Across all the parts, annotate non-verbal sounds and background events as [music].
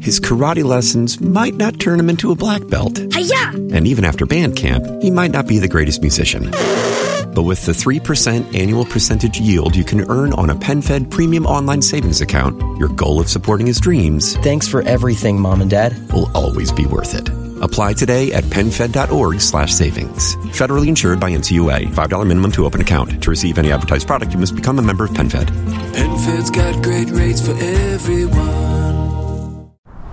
His karate lessons might not turn him into a black belt. Hi-ya! And even after band camp, he might not be the greatest musician. But with the 3% annual percentage yield you can earn on a PenFed premium online savings account, your goal of supporting his dreams. Thanks for everything, Mom and Dad. Will always be worth it. Apply today at PenFed.org slash savings. Federally insured by NCUA. $5 minimum to open account. To receive any advertised product, you must become a member of PenFed. PenFed's got great rates for everyone.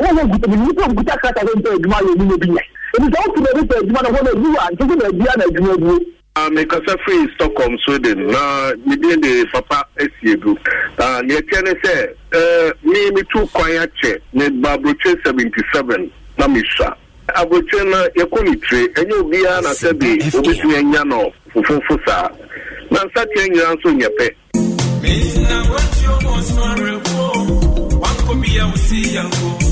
wọn wọ guta mi nípa guta kata bẹ n tẹ ẹdwuma yẹ mi n'obi yẹ ebi sọ ọkùnrin ẹbi tẹ ẹdwuma náà wọn ẹbi wa ntutu na ẹbi ana ẹdwuma duro. mekasa firi stockholm sweden na medin de papa asi egu neɛteɛ ne sɛ me metu kwan akyɛ ne ba aborɔtwe 77 na mesua aborɔtwe no yɛkɔ ne tire ɛnyɛ obiara na sɛ de wobɛtumi anya no fofofo saa na nsateɛ nyinaa nso nyɛ pɛ Mezina wati omo smarebo, wako biya usi yango.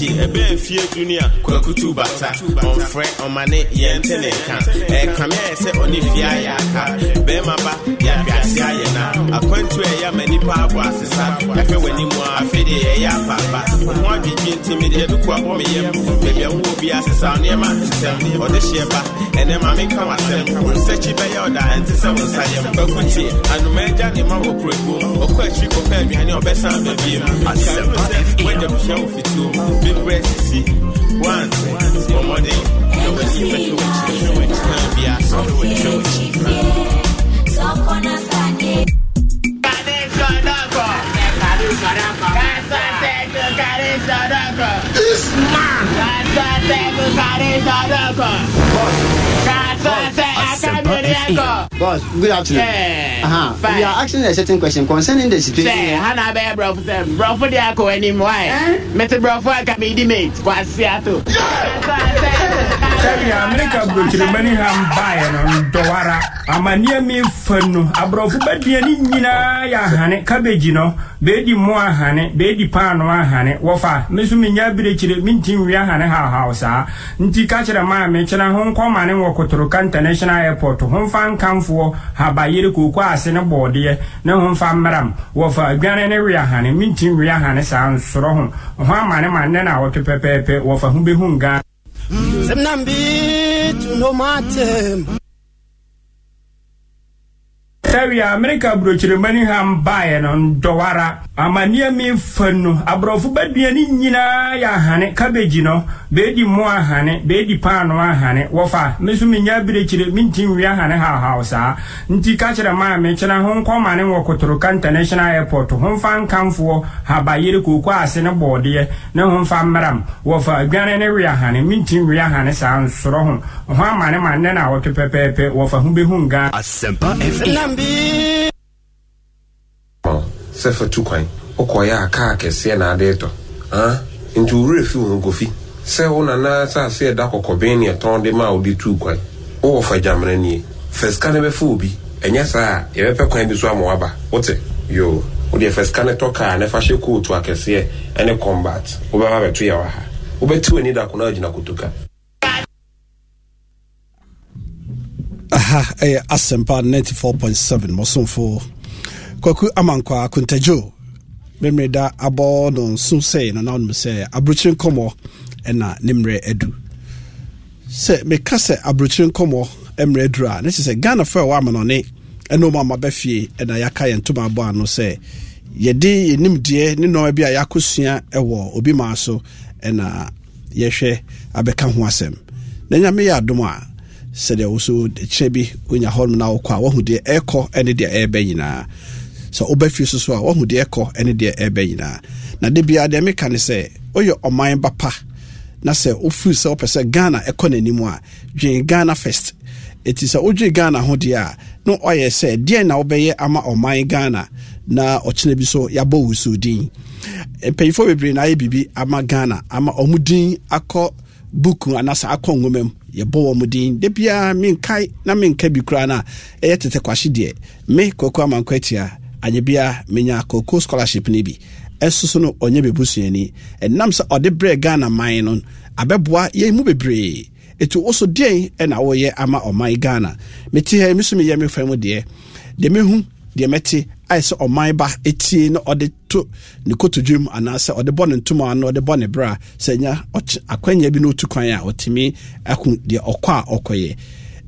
tie ɛbɛn fie duni kwakutu bata ɔnfrɛ ɔmane yɛn te ne nka ɛkame e, ayɛ sɛ ɔne fie ayɛ aka bɛrima ba yɛadwase ayɛ na akwantu e a ɛyɛ ama nipa abɔ asesa yɛhwɛ a afei deɛ ɛyɛ apaapa ɔho adwedwe nti mede ɛdo ko abɔ me yam baabi a wowɔ bi asesa nneɛma nsɛm ɔde hyeɛ ba ɛnɛ ma meka w'asɛm wo nsakyi bɛyɛ ɔda ɛnte sɛ wo nsa yam kwaku tie anoma agya ne ma wɔ kurokuom ɔkɔ akyiri kɔpɛ aduane ɔbɛsan babiem asɛm sɛ wɔagya busua wɔ fituo midwest si one ọmọdé ẹwẹsì mẹtọwẹsì a sọ Boss, good afternoon. Yeah, uh-huh. We are asking a certain question concerning the situation. Say, Hana Bear Bro, say, Bro, for the Ako anymore. Eh? Eh? Mete Bro, for I can be the mate. Was Seattle. sɛdeɛ amerika burokyiremani ham baeɛ no ndɔwara amanneɛ memfa nu aborɔfo bɛduane nyinaa yɛ ahane kabegi no beedi mo ahane beedi paano ahane wɔfa me so menya abirekyire mentim wie ahane hahaw saa nti ka kyerɛ maa mekyena ho nkɔmane wɔ kotoro nsonka international airport homfa nkamfoɔ habayere kooko ase ne bɔɔdeɛ ne homfa mmaram wɔfa adwane ne wea hane mentim wea hane saa nsorɔ ho ho amanemane na wɔtwe pɛpɛɛpɛ wɔfa ho bɛhu ghana sɛwia amerika burokyiremani ha mbaeɛ no ndɔwara amanneɛ me no aborɔfo baduane nyinaa yɛ ahane kabegi no beedi mo ahane beedi paano ahane wɔfa me so menya birekyire menti nwi ahane hahaw saa nti ka kyerɛ maa mekyena ho nkɔma wɔ kotoroka international airport ho nkamfoɔ habayere kooko ase ne bɔɔdeɛ ne ho mfa wɔfa adwane ne we ahane menti nwi ahane saa nsorɔ ho ho amane ma nnɛ na wɔtwe pɛpɛɛpɛ wɔfa ho bɛhu ngaa bi tu kwan wokɔyɛ a kaa kɛseɛ na ade tɔ nti owurɛ fi wo nkɔfi sɛ wo nanaa sase ɛda kɔkɔben ne ɛtɔn de ma wode tu kwan wowɔ fa gyamena nie fa sika no bɛfa ɛnyɛ saa a yɛbɛpɛ kwan bi so ama waba wote yo wodeɛ fa sika no tɔ kaa ne fa hyɛ kootu akɛseɛ combat bɛto yɛ wɔ ha w'ani da agyina kotoka ha ɛyɛ asɛmpa 94.7 mɔsomfo kwaku amankwa akontagyo memmerɛ da abɔ no nso sɛi no na wonom sɛ aburokyire nkɔmmɔ ɛna ne mmerɛ adu sɛ meka sɛ aburokyire nkɔmmɔ mmerɛ aduru a ne kyɛ sɛ ghanafoɔ a ɛwɔ amanɔne ɛne ɔma bɛfie ɛna yɛaka yɛn ntoma abɔ ano sɛ yɛde yɛnimdeɛ ne nɔɔma bi a yɛakɔsua ɛwɔ obi maa so ɛna yɛhwɛ abɛka ho asɛm na nyame yɛ adom a sɛdeɛ wo so kyerɛ bi wonya hɔnom no wokɔ a woahu deɛ ɛkɔ ne deɛ ɛbɛ nyinaa sɛ wobɛ so so a woahu deɛ ɛkɔ ne deɛ ɛbɛ nyinaa na de biara deɛ meka ne sɛ woyɛ ɔman ba pa na sɛ wofiri sɛ wopɛ sɛ ghana ɛkɔ n'anim a dwen ghana first ɛti sɛ wodwe ghana ho deɛ a na ɔyɛ sɛ deɛn na wobɛyɛ ama ɔman ghana na ɔkyena bi so yɛabɔ wo so din mpanyimfoɔ bebree na ayɛ biribi ama ghana ama ɔmo din akɔ buku anaasɛ akɔ nwoma mu yɛbɔ wɔn din de bia menkae na menka bi kura na, ɛyɛ tete kwahye deɛ me kɔkɔ amanko atia anya bia menya kɔkɔ scholarship no bi ɛsoso no ɔnyɛ bɛbusuani ɛnam sɛ ɔde brɛ ghana man no abɛboa yɛn mu bebree Etu wo so ɛna woyɛ ama ɔman ghana mete ha mi so meyɛ me fa mu deɛ deɛ mehu deɛ mɛte ayɛ sɛ ɔman ba etie na ɔde to ne kotodwe mu anaasɛ ɔde bɔ ne ntoma ano ɔde bɔ ne bra sɛ nya akwanya bi na otu kwan a ɔtumi ɛko deɛ ɔkɔ a ɔkɔyɛ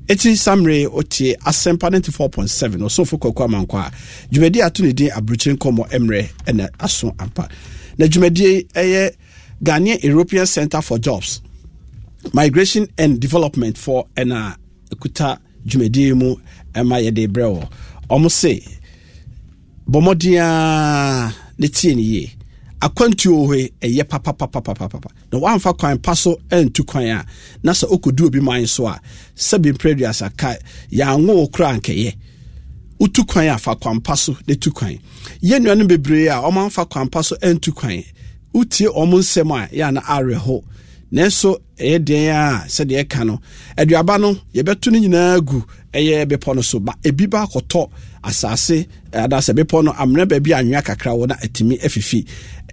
eti samre otie asɛmpa 94.7 ɔsofo kɔkɔ amankɔ a dwumadi ato ne din aburukyire nkɔmmɔ mmerɛ ɛna aso ampa na dwumadi ɛyɛ ghanaian european center for jobs migration and development for ɛna kuta dwumadi mu ɛma yɛde brɛ wɔ ɔmo se bɔ mmɔdena ne tie ne yie akwantuo hɔ ɛyɛ papapapapapa na wɔamfa kwan pa so antu kwan a na sɛ ɔkɔdu obi man so a sɛbi mprɛduasa ka yɛanwo wo kora nkɛyɛ wotu kwan a fa kwan pa so ne tu kwan yɛ nnua no bebree a ɔmamfa kwan pa so antu kwan wotie ɔmo nsɛm a yɛa na awerɛho nanso ɛyɛ den a sɛdeɛ ɛka no aduaba no yɛbɛto no nyinaa gu ɛyɛ bepɔ no so ba ebi ba akɔtɔ asase adaasɛ bepɔ no amena baabi anwea kakra wɔ na atumi afifi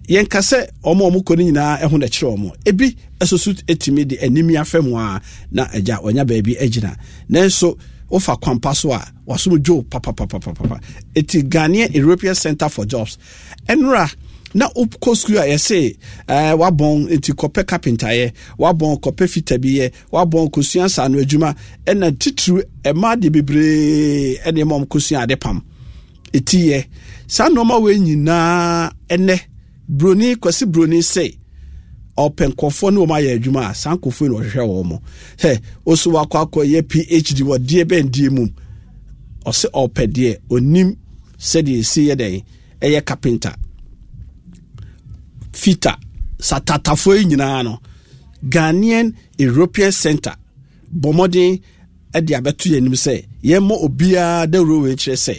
yɛnka sɛ ɔma ɔmo kɔ no nyinaa ɛho na kyerɛ ɔmo ebi ɛsoso ɛtumi de anim afɛ mu a na agya ɔnya baabi agyina nanso wofa kwampa so a wasom dwo papapapapapa eti ghanaian european center for jobs ɛnora na wokɔ skul a yɛse uh, wabɔn nti kɔpɛ kapentaeɛ wabɔn kɔpɛ fitabiyɛ wabɔn kɔsua saa no adwuma ɛna titiri ɛma deɛ bebree ɛne ma kɔsua ade pam ɛtiyɛ saa nnoɔma wei nyinaa ɛnɛ broni kwasi broni se ɔpɛ nkɔfoɔ ne wɔn ayɛ adwuma a saa nkɔfoɔ yi na ɔhwehwɛ wɔn mo hɛ oso wakɔ akɔ yɛ phd wɔ deɛ bɛn deɛ mu ɔsɛ ɔpɛ deɛ onim sɛdeɛ esi yɛ dɛn ɛyɛ fita ya tatafoɔ yi nyinaa no ghanaian european center bɔ ya de abɛto yɛn anim sɛ yɛmmɔ obiara dawuro wei kyerɛ sɛ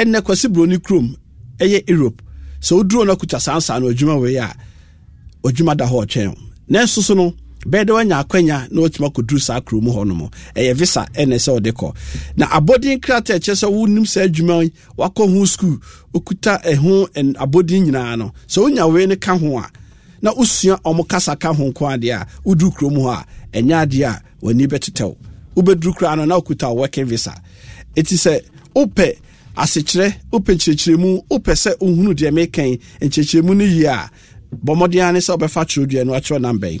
ɛnɛ kwasi buroni kurom ɛyɛ europe ya woduro no akuta saa nsaa no adwuma wei a adwuma da hɔ ɔkyɛn nanso so no bɛɛde wanya akwanya na watumi akɔduru saa kuro mu ɛyɛ visa ɛna sɛ kɔ na abɔden krataa ɛkyɛ sɛ wonim saa adwuma wakɔ ho skul okuta ɛho abɔden nyinaa no sɛ wonya wei no ka ho a na wosua ɔmo kasa ka ho nko adeɛ a woduru kuro hɔ a ɛnyɛ adeɛ a w'ani bɛtetɛw wobɛduru no na wɔkɛ visa ɛti sɛ wopɛ asekyerɛ wopɛ nkyerɛkyerɛmu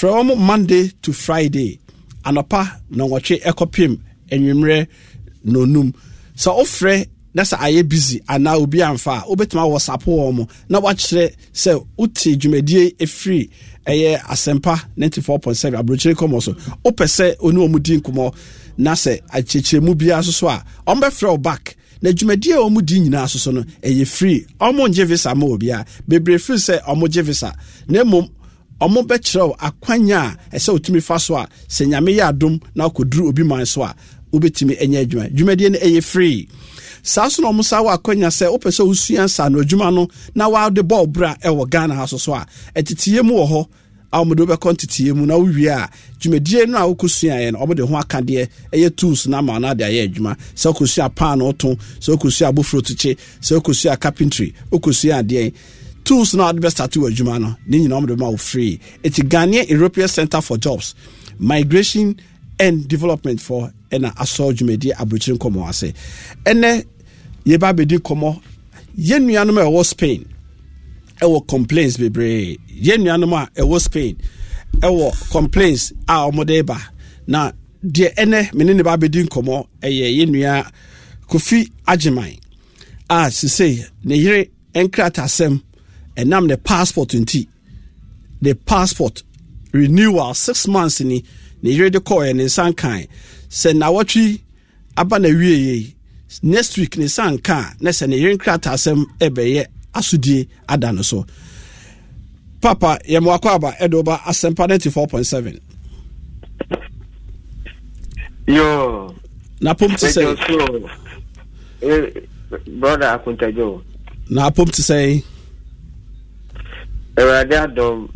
frɛ wɔn monday to friday anɔpa na wɔtwe ɛkɔpem anwummerɛ na onum sɛ wofrɛ na sɛ ayɛ busy anaa obi amfa a wobɛtumi awɔ sapo wɔn mo na wakyerɛ sɛ wote dwumadie efiri ɛyɛ asɛmpa ninety four point seven aburokyire kɔmɔ so wopɛ sɛ oni wɔn di nkɔmɔ na sɛ akyerɛkyerɛmu biara soso a wɔn bɛfrɛ wo back na dwumadie a wɔn di nyinaa soso no ɛyɛ free wɔn gye visa ma obiara bebree firi sɛ wɔn gye visa na mmom ɔmo bɛkyerɛw akwanya a ɛsɛ wotumi fa so a sɛ nyame yɛ adom na akɔduru obi man so a wobɛtumi ɛnyɛ adwuma dwumadie no ɛyɛ free saa so na ɔmo saa wɔ akwanya sɛ wopɛ sɛ wosua nsa no adwuma no na wade bɔɔl berɛ a ɛwɔ ghana ha so so a ɛteteeɛ mu wɔ hɔ a wɔde wobɛkɔ nteteeɛ mu na wowie a dwumadie no a wokɔsuaeɛ no ɔmode ho akadeɛ ɛyɛ tools no ama no ade ayɛ adwuma sɛ wokɔsua paano to sɛ wokɔsua abofuro sɛ wokɔsua carpentry wokɔsua adeɛn tools no ade bɛstarte wɔ adwuma no ne nyinaa ɔmde ma wo free ɛti ghanea european Centre for jobs migration and development for ɛna asɔ dwumadi aburokyire nkɔmmɔ ase ɛnɛ yɛba abɛdi nkɔmmɔ yɛn nuanom a ɛwɔ spain ɛwɔ complaints bebree yɛn nuanom a ɛwɔ spain ɛwɔ complaints a wɔde ba na deɛ ɛnɛ mene ne ba abɛdi nkɔmmɔ ɛyɛ yɛn nua kofi agyeman a sisei ne yere nkratasɛm ɛnam ne passport nti ne passport renewal six months ni ne yere de kɔɔ yɛ ne nsa nkan sɛ nawɔtwi aba na wie yie next week ne nsa nkan na sɛ ne yere nkrataa asɛm ɛbɛyɛ asodie ada no so papa yɛmɔ akɔ aba ɛde ɔba asɛmpa ninety four point seven. yoo na pom ti sɛ. brother akuntajo. na pom ti sɛ. awurade adɔm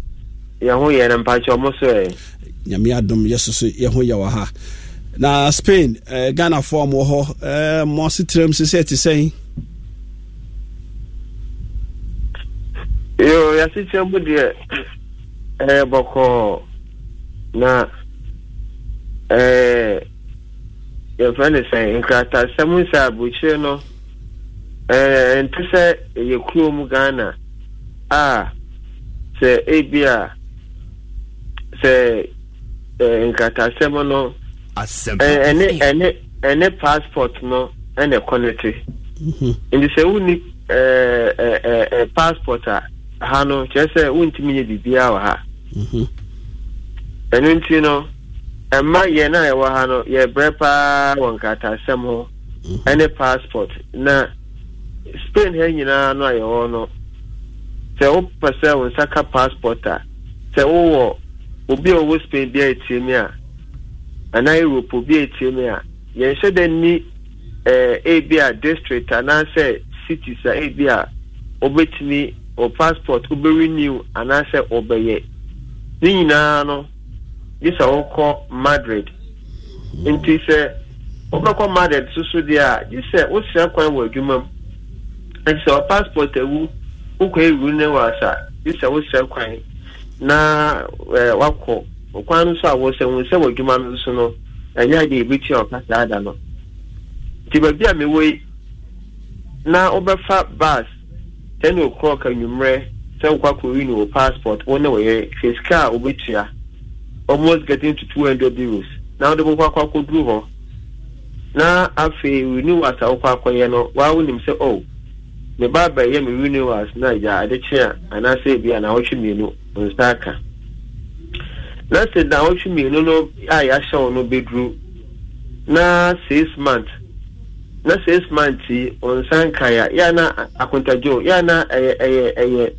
yɛho ya no mpakyɛ ɔmo so ɛ nyame adom yɛso so yɛho yɛ wɔ ha na spain uh, ghanafoɔ a mowɔ hɔ uh, sitere tiram se sɛ sɛn yo yɛasekyerɛ mu deɛ ɛyɛ na ɛɛ yɛmfrɛ ne sɛn nkratasɛm sɛ aburokyire no ɛɛ ghana a sɛ ebi a sɛ nkatasɛm no ɛne ɛne ɛne passport no ɛna ɛkɔ ne ti mhm. nti sɛ wuni passport a ha no kyerɛ sɛ wuntumi yɛ biribiara wɔ ha mhm. ɛno nti no ɛma yɛn a yɛwɔ ha no yɛbrɛ paa wɔ nkatasɛm ho mhm. ɛne passport na spain ha nyinaa no a yɛwɔ no sɛ wopɛ sɛ wo nsa ka passport a sɛ wowɔ obi a ɔwɔ spain bi a ɛtie mi a anaa europe obi a ɛtie mi a yɛnhyɛ dɛ ni ɛɛ eh, ebi a district anaasɛ cities a ebi a wobɛtumi wɔ passport wobɛrenew anaasɛ wɔbɛyɛ ne nyinaa no gye sɛ wokɔ madrid nti sɛ wobɛkɔ madrid soso deɛ a gye sɛ wosia kwan wɔ adwuma mu ɛnti sɛ wɔ passport awu wokɔ ewu ne wasa sɛ wosɛ kwan na wakɔ kwan no a wɔn wɔ adwuma no no ɛnyɛ ebi tia no nti baabi a yi na e, wobɛfa e, bus ten o'clock anwummerɛ sɛ wokɔ akɔyi no wɔ passport wɔn na wɔyɛ hwɛ sika wɔbɛtua almost getting to two hundred euros na wɔde akɔ na afei renew asa no sɛ me ba bɛyɛ me renewals na agya ade a anaasɛ ebi a n'awɔtwe mmienu nsa aka na sɛ n'awɔtwe mmienu no a yɛahyɛ wɔn no bɛduru na six month na six months yi nsa nkaya yɛ na akontagyo yɛ na ɛyɛ ɛyɛ ɛyɛ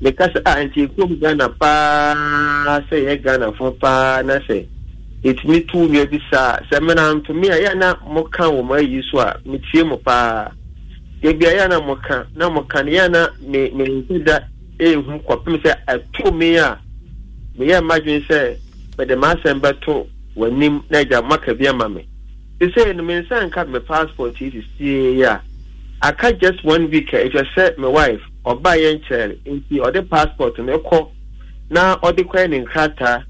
mekasa a nti ekuom ghana paa sɛ yɛ ghana fo paa na sɛ etumi tu nua saa sɛ mmerantumi a yɛ na mo ka wɔn ayi so a metie mo paa. ebi ayɛ na mo ka na mo ka ne yɛ na me da ehu kɔpem sɛ ato me e, a me yɛ mma dwen sɛ mɛde ma asɛm bɛto w'anim na agya maka bi ama me sɛ no me nsa nka me passport yi sisie a aka just one week eh, a ɛtwa sɛ me wife ɔbaa yɛ nkyɛn nti ɔde passport no ɛkɔ na ɔde kɔɛ ne nkrataa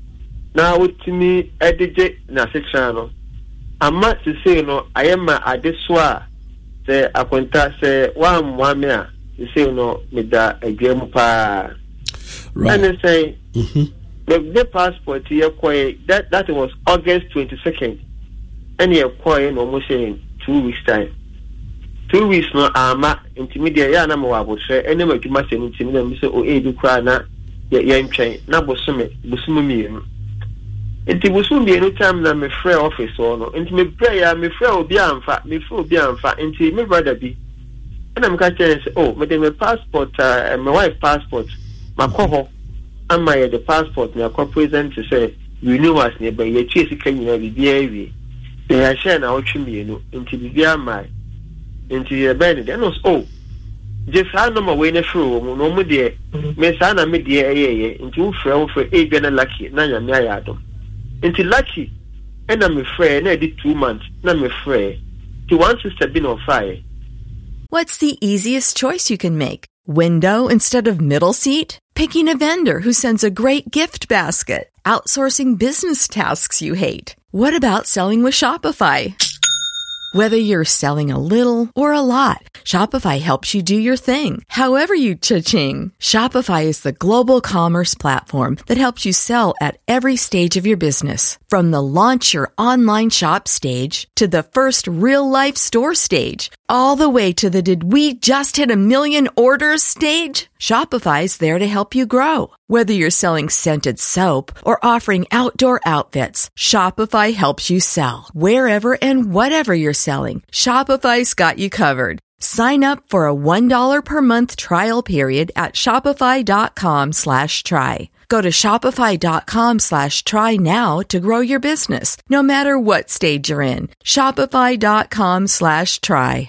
na wotumi ɛde gye n'asekyerɛ no ama sisei no ayɛ ma ade so a. sɛ akwanta sɛ woammoa me a sesei no meda adwa mu paa ɛne sɛn mhm. mede passport yɛkɔɛ that, that was august 22nd ɛne yɛkɔɛ na ɔmo sɛ two weeks time two weeks no ama ntumi deɛ yɛ a na mewɔ abotrɛ ɛne m adwuma sɛm ntimi na mi sɛ o oh, koraa na yɛntwɛn na bosome bosome mmienu nti bosom mmienu tam na mefrɛ ɔfice hɔ no nti mebrɛ yɛ a mefrɛ obi amfa mefrɛ obi amfa nti me brother bi ɛna meka kyerɛ sɛ o oh, mede me passport a uh, me wife passport makɔ hɔ ama yɛde passport na akɔ present sɛ renewals ne ɛbɛn yɛtue sika nyinaa biribiara awie na yɛahyɛ na awɔtwe mmienu nti biribiara mmae nti yɛbɛn ne deɛ ɛna o oh, gye saa nɔma wei no firi wɔ mu na ɔmo deɛ mhm. me saa na me deɛ ɛyɛɛyɛ nti wofrɛ wofrɛ ebia eh, na lucky na nyame ayɛ adom nti lucky ɛna mefrɛ na ɛde two months na mefrɛ nti one sister bi na ɔfaeɛ What's the easiest choice you can make? Window instead of middle seat? Picking a vendor who sends a great gift basket? Outsourcing business tasks you hate? What about selling with Shopify? Whether you're selling a little or a lot, Shopify helps you do your thing, however you cha-ching. Shopify is the global commerce platform that helps you sell at every stage of your business. From the launch your online shop stage to the first real life store stage, all the way to the did we just hit a million orders stage. Shopify's there to help you grow. Whether you're selling scented soap or offering outdoor outfits, Shopify helps you sell. Wherever and whatever you're selling, Shopify's got you covered. Sign up for a $1 per month trial period at shopify.com slash try. Go to shopify.com slash try now to grow your business, no matter what stage you're in. Shopify.com slash try.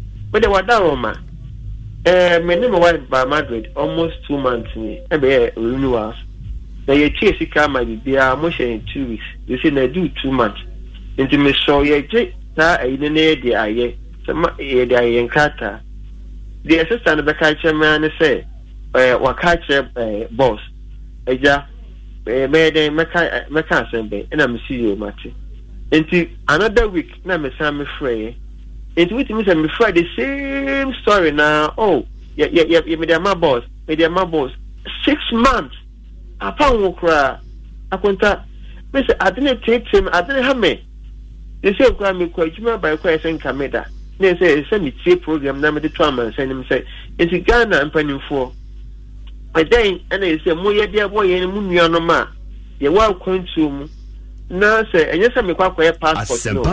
wọ́n dẹ̀ wà dá wọn ma ɛɛ mɛ ne ba madrid almost two months ni ɛ bɛ yɛ renewal na yɛ tie sika ama bibi a mo hyɛ yɛn two weeks yɛ sɛ na do two months nti mɛ sɔ yɛ gye saa ɛyi ne ne yɛ de ayɛ sɛ ma yɛ de ayɛ yɛn krataa deɛ sista no bɛka kyerɛ mmaa ne sɛ ɛɛ waka kyerɛ ɛɛ bɔs ɛgya ɛɛ mɛyɛ dɛn mɛka mɛka asɛm bɛn ɛna mɛ si yɛ ɔmo ate nti another week na mɛ san mɛ frɛ yɛ nti wotumi sɛ mefra the same story na oh mede ama bos mede ama bos six months apa wo koraa akonta mesɛ ade ne teetem ade ne ha me te sɛ koraa mekɔ adwuma bae kɔ ɛsɛ nka me da na ɛsɛ ɛsɛ metie program na mede to amansa nim sɛ nti ghana mpanimfoɔ ɛdɛn ɛna ɛsɛ moyɛdeɛ bɔ yɛn mu nnuanom a yɛwɔ akwantuo mu na sɛ ɛnyɛ sɛ mekwakɔyɛ passport no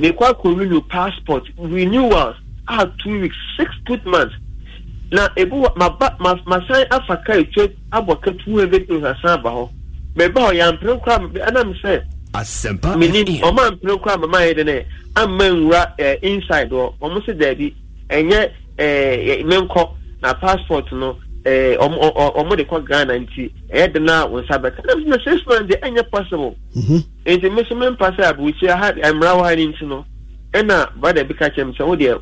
mekwakɔ renew passport renewals a two weeks six good months na ebi wɔ maba ma masan afa kaa etwa abɔ ka two hundred kilos asan aba hɔ mɛba hɔ yɛampere kora ɛnam sɛ asɛmpa mini ɔmo ampere kora mama yɛ de ne ama nwura ɛɛ inside hɔ ɔmo sɛ daabi ɛnyɛ ɛɛ menkɔ na passport no ọmụ dị kọ ghana nti ɛyɛ eh, dị na nsa bɛka na na six eh, months mhm. de ɛnyɛ possible nti mmesi mme mpasa aburuchi ha mmeran wɔ ha ne nti no ɛna eh, brada bi ka kyerɛ m sɛ wɔde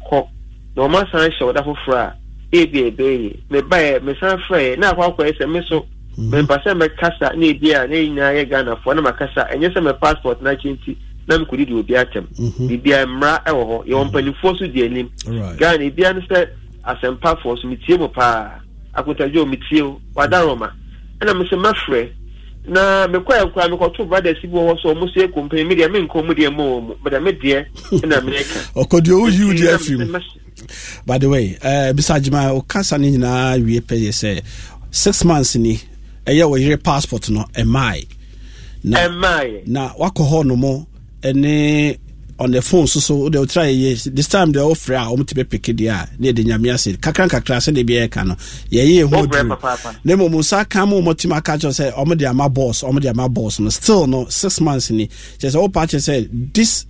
na wɔn asan hyɛ ɔda foforɔ a ebi ebe yi meba yɛ mesan frɛ yɛ na akɔ akɔ yɛ sɛ mme so mme mhm. na ebi a na nyinaa yɛ ghana foɔ na ma kasa sɛ mme passport na akyi nti na mme kudi di obi atɛm bibi a ɛwɔ hɔ yɛ wɔn mpanimfoɔ so di anim ghana ebi a no sɛ so mi tie mu paa. akontadio tie o wada roma ɛna na mekɔɛ koraa mekɔto brothers bi wɔ hɔ sɛ ɔmo sɛ kɔmpani medeɛ menkɔ mu deɛ ma wɔ me deɛ ɛna by the way bisa uh, nyinaa wie sɛ six months ni ɛyɛ wɔ yere passport no na wakɔ hɔ on the phone so so wode wotira yɛyɛ this time deɛ wofrɛ a wɔm tebɛ peke deɛ a ne yɛde nyame ase kakra nkakra sɛde biaa ɛka no yɛyɛ ɛho aduru na mmom saa ka ma wɔmɔtumi aka kyerɛ sɛ ɔmde ama bɔs ɔmde ama bɔs no still no six months ni kyerɛ sɛ wopa kyerɛ this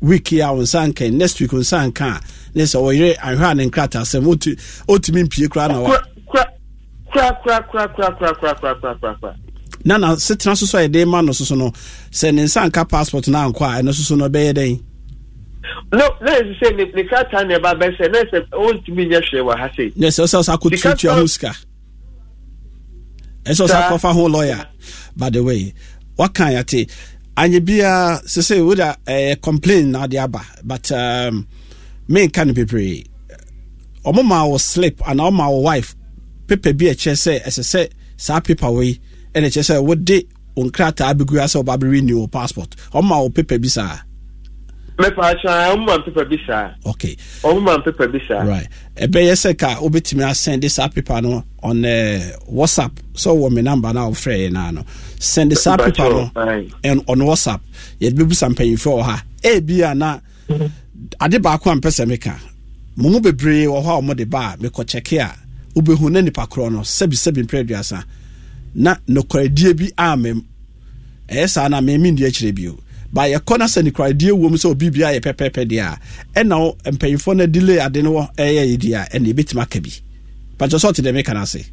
week yi a wo next week wo nsa nka a ne sɛ wɔyere ahwɛ a ne nkrata asɛm wotumi mpie koraa na wa na na setena soso a yɛde ma no soso no sɛ ne nsa nka passport no ankɔ a ɛno soso no ɔbɛyɛ dɛn no na ɛsi sɛ ne krataa ne ɛba bɛsɛ na ɛsɛ ɔntumi nyɛ hwee wɔ ha sei ne sɛ ɔsɛ ɔsɛ akɔtuatua ho sika ɛsɛ ɔsɛ akɔfa ho lawyer by the way waka yɛte anyɛ biaa sɛ sɛ woda ɛyɛ complain na ade aba but um, menka no bebree ɔmo ma wo slip anaa ɔma wo wife paper bi ɛkyɛ sɛ ɛsɛ sɛ saa paper wei ɛna kyerɛ sɛ wode wo nkrataa bi gua sɛ wɔba bɛreni wo passport ɔma wo paper bi saa okay ɔmma mpepa bi right ɛbɛyɛ sɛ ka wobɛtumi asɛnde saa pepa no on eh, whatsapp sɛ wɔ me number no a wofrɛ yɛ naa no sɛnde saa pepa no on whatsapp yɛde bɛbusa mpanyimfoɔ wɔ ha ebi a na ade baako a mpɛ sɛ meka mo mu bebree wɔ hɔ a wɔde ba a mekɔkyɛke a wobɛhu na nipa korɔ no sɛbisɛbi mpɛ aduasa na nokwaradie bi amem ɛyɛ saa na mmemme di akyerɛ bio ba yɛkɔ no sɛ nokwaradie wɔm sɛ obi biara yɛ pɛpɛpɛ deɛ a ɛna mpanyinfoɔ Na delay ade no ɛyɛ yɛ deɛ a ɛna ebɛtumi aka bi pàtó sɔɔte dɛm ɛka n'ase.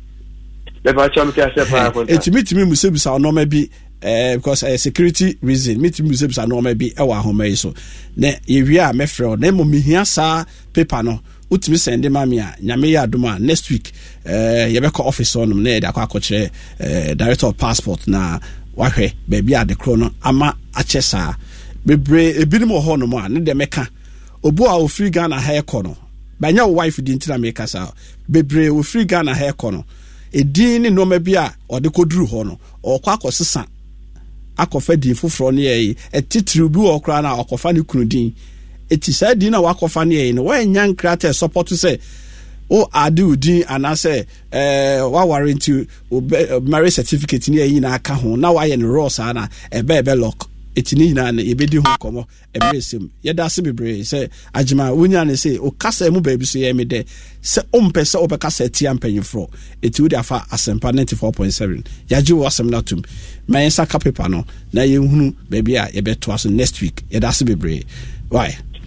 ɛtumi tumi musabisa nɔɔma bi ɛɛ because ɛɛ security reason mi tumi musabisa nɔɔma bi ɛwɔ ahoma yi so na yɛwie a mɛfrɛ o na emu mihia saa paper no. wotumi sɛnde ma me a nyame yɛ adom a next week eh, yɛbɛkɔ office na yɛde akɔ akɔkyerɛ eh, director of passport na wahwɛ baabi a adekorɔ no ama akyɛ saa bebree ebinom wɔ hɔnom a ne ka obu a ofiri ghana ha no wo wife di ntina bebree ofiri ghana ha no edin ne nneɛma bi a ɔde hɔ no ɔkɔ akɔ akɔfa din foforɔ ne wɔ koraa na ɔkɔfa ne eti saa din na wakɔfa ne yɛn no wɔnyɛ nkrataa sɔpɔtɔ sɛ o ade o din anaasɛ ɛɛ eh, waware nti o bɛ eh, certificate ne yɛn nyinaa ka ho na wayɛ no raw saa na ɛbɛ ɛbɛ lock eti ne nyinaa no yɛbɛdi ho nkɔmɔ ɛmɛ esem yɛda ase bebree sɛ agyima wonya ne sɛ o kasa mu baabi so yɛn mi dɛ sɛ o mpɛ sɛ o bɛ kasa tia mpanyinfoɔ eti o de afa asɛmpa ninety four point seven yagye wɔ asɛm n'atum mɛ yɛn ka paper no na yɛn hunu baabi a yɛbɛto aso next week yɛda ase bebree waaye.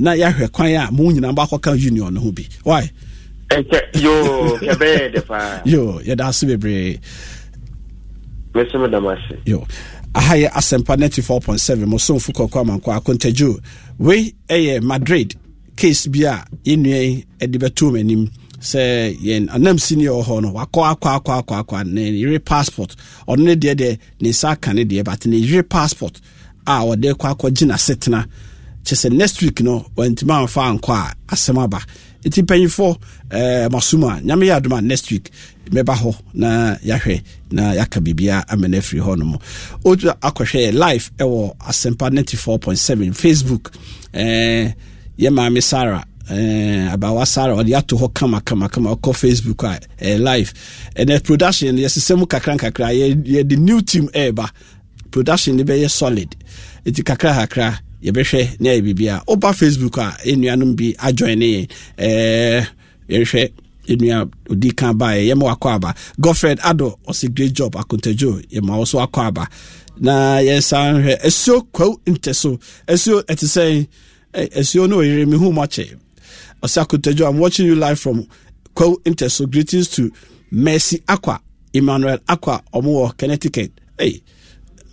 na yɛahwɛ kwan a mo nyinaa bakɔka union no ho bi wy [laughs] yɛda ase bebree aha yɛ asɛmpa 94.7 mosomfo kɔkɔ amankɔ akontagyo wei ɛyɛ madrid case bi a yɛnnua de bɛtoo m anim sɛ yɛn anam senior wɔ hɔ no wakɔ akɔ akɔ akɔ akɔ ne yere passport ɔno ne deɛ deɛ ne nsa aka ne deɛ but ne yere passport a wɔde kɔ akɔ gye n'asetena kyɛ next week no wantimi amfa ankɔ a asɛm aba ɛti mpanyimfoɔ eh, masom a nyame yɛ adom next week mɛba hɔ na yɛahwɛ na yɛaka biribia ama no afiri hɔ no mu ɔtu akɔhwɛ live ɛwɔ asɛmpa 94.7 facebook eh, yɛ maame sara eh, abawa sara ɔde ato hɔ kamakamakama ɔkɔ facebook a eh, live ɛnɛ production no yɛsesɛ mu kakra nkakra yɛde new team ɛɛba production no bɛyɛ solid ɛti kakra kakra yɛbɛhwɛ ne ayɛ biribi a woba facebook a ɛnuanom bi ajoin ne yɛ yɛhwɛ ɛnua odi kan ba yɛ yɛma wakɔ aba godfred ado ɔsɛ great job akontadwo yɛma wo so wakɔ aba na yɛsan hwɛ asuo kwaw ntɛ so asuo ɛte sɛ asuo no ɔyere me hu mɔkyɛ ɔsɛ akontadwo i'm watching you live from kwaw ntɛ greetings to mercy akwa emmanuel akwa ɔmo wɔ connecticut hey.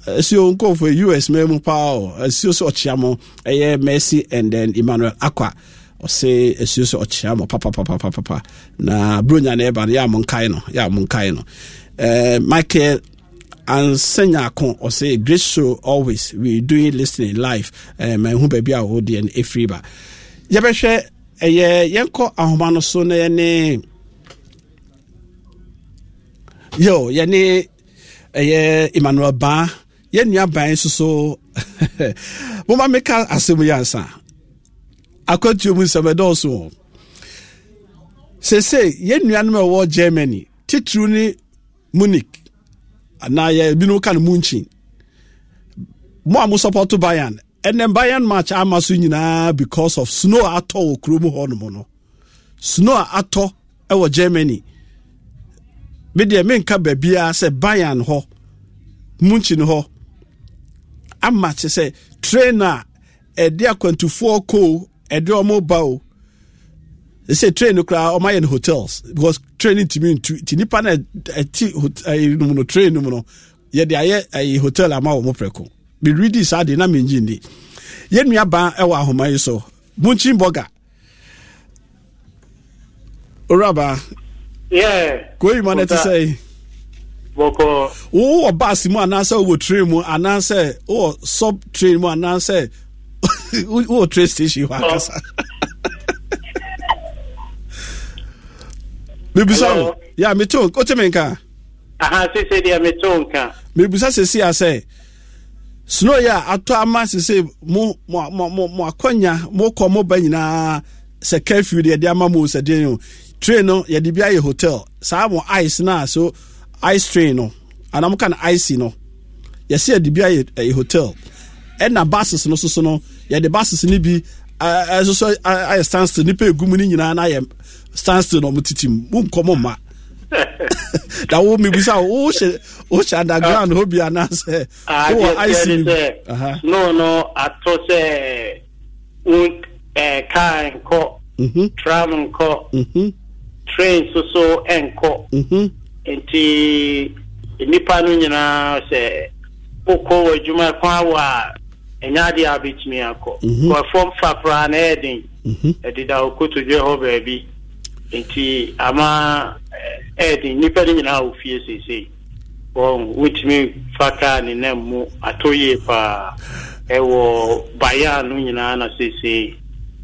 ɛsuo nkɔfoɔ us ma mu paa ɔ asuo sɛ ɔkyea mo ɛyɛ mercy and then emmanuel aqua ɔse asuo sɛ ɔkyea mo papapapapapa na bronya no ɛba no yɛ mo nkae no yɛ mo nkae no eh, michael ansanyako ɔse great show always we doing listening live eh, ma ɛhu baabi a wɔ deɛ no ɛfiri ba yɛbɛhwɛ ɛyɛ yɛnkɔ ahoma no so na yɛne yo yɛne ɛyɛ emmanuel baa yɛn nuaban nso so [laughs] moma meka asɛm yi ansa akwatuo mu nsɛm ɛdɔɔso wɔ sese yɛn nuanom a ɛwɔ germany titiri ne munich anaa yɛ ebinom ka no munchin mo a mo support bayern ɛnɛ bayern match ama so nyinaa because of snow a atɔ wɔ kurom hɔnom no snow a atɔ ɛwɔ germany bi deɛ menka baabiara sɛ bayern hɔ munchin hɔ ama kye sɛ train a ɛde akwantufoɔ ko ɛde ɔmo ba o sɛ train koraa ɔmo ayɛ no hotels because train ntumi ntu ti nipa na ɛti ɛyi no no train no mu no yɛde ayɛ ɛyi hotel ama wɔn prɛko bi redi saa de na mi ngyi ni yɛn nua ban ɛwɔ ahoma yi so bunkyin bɔga owuraba. Yeah. Koyi ma na ti sɛ yi. wowɔ bas mu anaasɛ wowɔ train mu anaasɛ wowɔ sub train mu anaasɛ [laughs] wowɔ train station hɔ akasa mebisa wo ya meto wote me nka sɛdeɛ meto nka mebisa sesi a sɛ snow yɛ a atɔ ama sese mo mo mo mo akɔnya mo kọ mo ba nyinaa sɛ curfew deɛ yɛde ama mo sɛ deɛ no tray no yɛde bi ayɛ hotel saa mo ice na so ice train no anaa moka no ice no yɛsɛ yɛde bi ayɛ ɛyɛ hotel ɛna buses no soso no yɛde buses no bi ɛsoso ayɛ standstill nipa egu mu no nyinaa na ayɛ standstill na ɔmo titi mu mu nkɔmɔ ma [laughs] na wo mi bisa wo hyɛ wo hyɛ underground hɔ bi anaasɛ ah, wo wɔ ice ni bi. snow no ato sɛ n ɛɛ kaa nkɔ mhm. tram nkɔ mhm. train soso nkɔ. Mhm. nti nnipa no nyinaa sɛ wokɔ wɔ adwuma ko awɔ a ɛnya adeɛ a bɛtumi akɔ kɔfɔm fapraa na ɛyɛ den ɛdeda wo kotodwe hɔ baabi nti ama ɛyɛ den nnipa no nyinaa wɔ fie seesei wotumi fa kaa ne nam mu atɔ yie paa ɛwɔ bayaa no nyinaa na seesei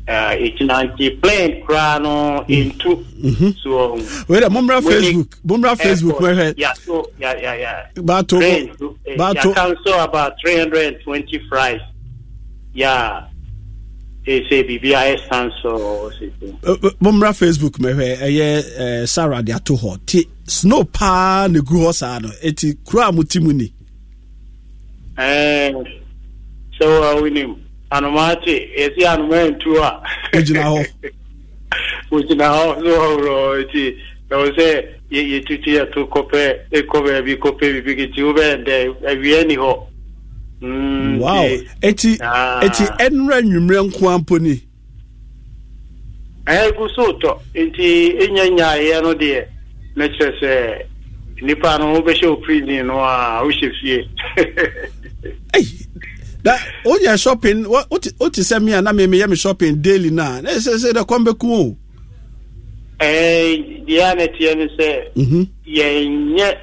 ɛkyinanti plane koraa no ntu. so um, wait a uh, mumra facebook mumra facebook mɛhɛ. yaso ya ya ya. baato baato. about 320 hundred and twenty fries. yaa ɛsɛ biribi a ɛsan so ɔsɛ. facebook mɛhɛ ɛyɛ eh, eh, eh, sarah de ato hɔ ti snow paa na egu hɔ saa no eti kura a mo ti mu ni. sɛ wɔn awo ni anoma akye yɛsi anoma ntu a ogyina hɔ ogyina [laughs] hɔ so ɔworɔ nti ɛwɔ sɛ yɛtutu yɛto kɔpɛ ɛkɔ baabi kɔpɛ biribi nti wobɛyɛ dɛ awia ni hɔ wow eti eti ɛnura ah. nnwumire nko ampo ni ɛyɛ gu so tɔ nti ɛnyanya ayɛ no deɛ na kyerɛ sɛ nipa no wobɛhyɛ wo prison no a wohyɛ fie da woyɛ shopping wote sɛ mi a na memeyɛ me shopping daily na a na ɛsɛ sɛ dɛ kɔm bɛku o deɛ eh, a na teɛ no sɛ mhm. yɛnyɛ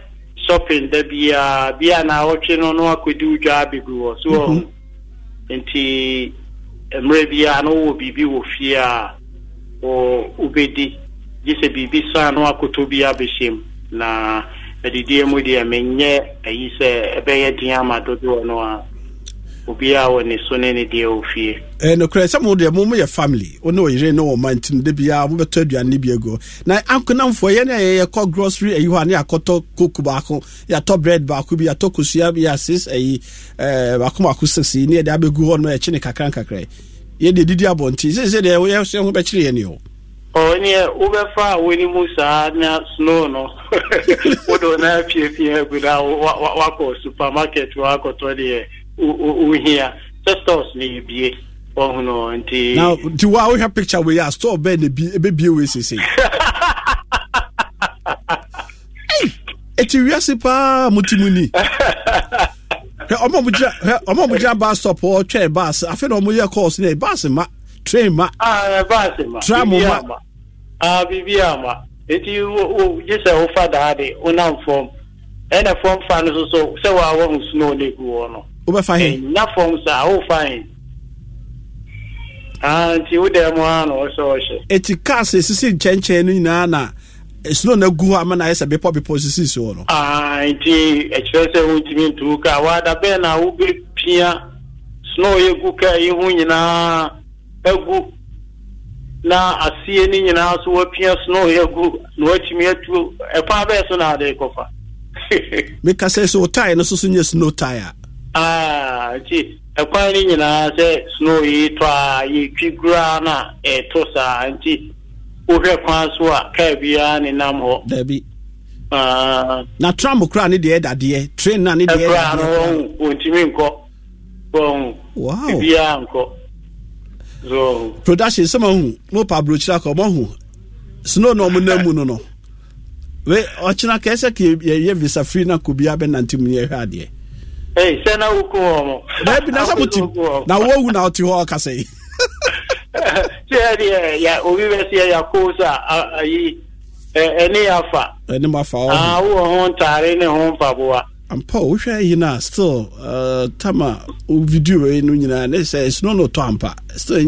shopping da biaa bia na wɔtwe no na wakɔdi wo dwa abɛgu wɔ so nti mmerɛ biaa na wowɔ biribi wɔ fie a wobɛdi gye sɛ biribi saa na wakɔtɔ bi abɛhyɛ mu na adidie mu e deɛ menyɛ ayi sɛ ɛbɛyɛ den ama dodoɔ no a obi a wɔ ne so ne ne deɛ wɔ fie. ɛɛ eh, nokorɛ sɛ mo deɛ mo mo yɛ family o ne oyere ne wɔn man ti de bi mo bɛ tɔ aduane bi egu na ankonamfo yɛn a yɛkɔ grocery ayi hɔ a ne yɛakɔtɔ koko baako yɛatɔ bread baako bi yɛatɔ kosua bi yɛasis ayi ɛɛ eh, baako baako sisi ne yɛde abegu hɔ no yɛkyi ne kakra nkakra yɛde didi abɔnten sese deɛ yɛ sɛ ho bɛkyerɛ yɛn ni o. ɔneɛ wobɛfa a w'animu saa na snow no [laughs] wode na apiapia agu na wakɔ supermarket wakɔtɔ deɛ wohia sɛ stores ne yɛbie ɔhono nti nti wo a wohwɛ picture wei a store bɛɛ na ɛbɛbie wei sesei ɛti wiase paa mote mu ni ɔma mo gyina bus stop hɔ twɛn bus afei na ɔmo yɛ calls ne bus ma train ma tram ma biribi ama nti gye sɛ wofa daa de wonam fam ɛna fam fa no so so sɛ wɔa wahu snow no ɛgu hɔ no wobɛfa he na fam sa wofa he ah, nti wodɛ mu a na wo sɛ wɔhyɛ ɛti cars nkyɛnkyɛn no nyinaa na eh, snow na gu hɔ ama na ayɛ sɛ bepɔ bepɔ sisi so hɔ no ah, nti ɛkyerɛ sɛ wontumi ntuo ka waada bɛɛ na wobɛpia snow yɛgu kaa yi ho nyinaa agu na aseɛ no nyinaa so wapia snow yɛgu na watumi atuo ɛpa bɛɛ so na ade kɔfa [laughs] meka sɛ sɛ wo tae no so so nyɛ snow tie a nti kwan no nyinaa sɛ snow yi tɔ a yɛtwi guraa no a ɛto saa nti wohwɛ kwan so a kaa biara ne nam hɔ daabi na tram kora ne deɛ ɛdadeɛ train na ne deɛ ɛkora no ɔhu ɔntumi nkɔ ɔhu biara nkɔ so production sɛ mahu mopa aburokyira kɔ mahu snow na ɔmo nam mu no no we ɔkyena kɛɛ sɛ yɛyɛ visa free na kobia bɛnante mu yɛhwɛ adeɛ Hey, [laughs] na wokɔ ọmụ. mo daabi na sɛ motim na woawu na wote hɔ ɔka sɛ ampa wohwɛ yi no a still uh, tama video yi eh, no nyinaa ne sɛ no ɔtɔ ampa still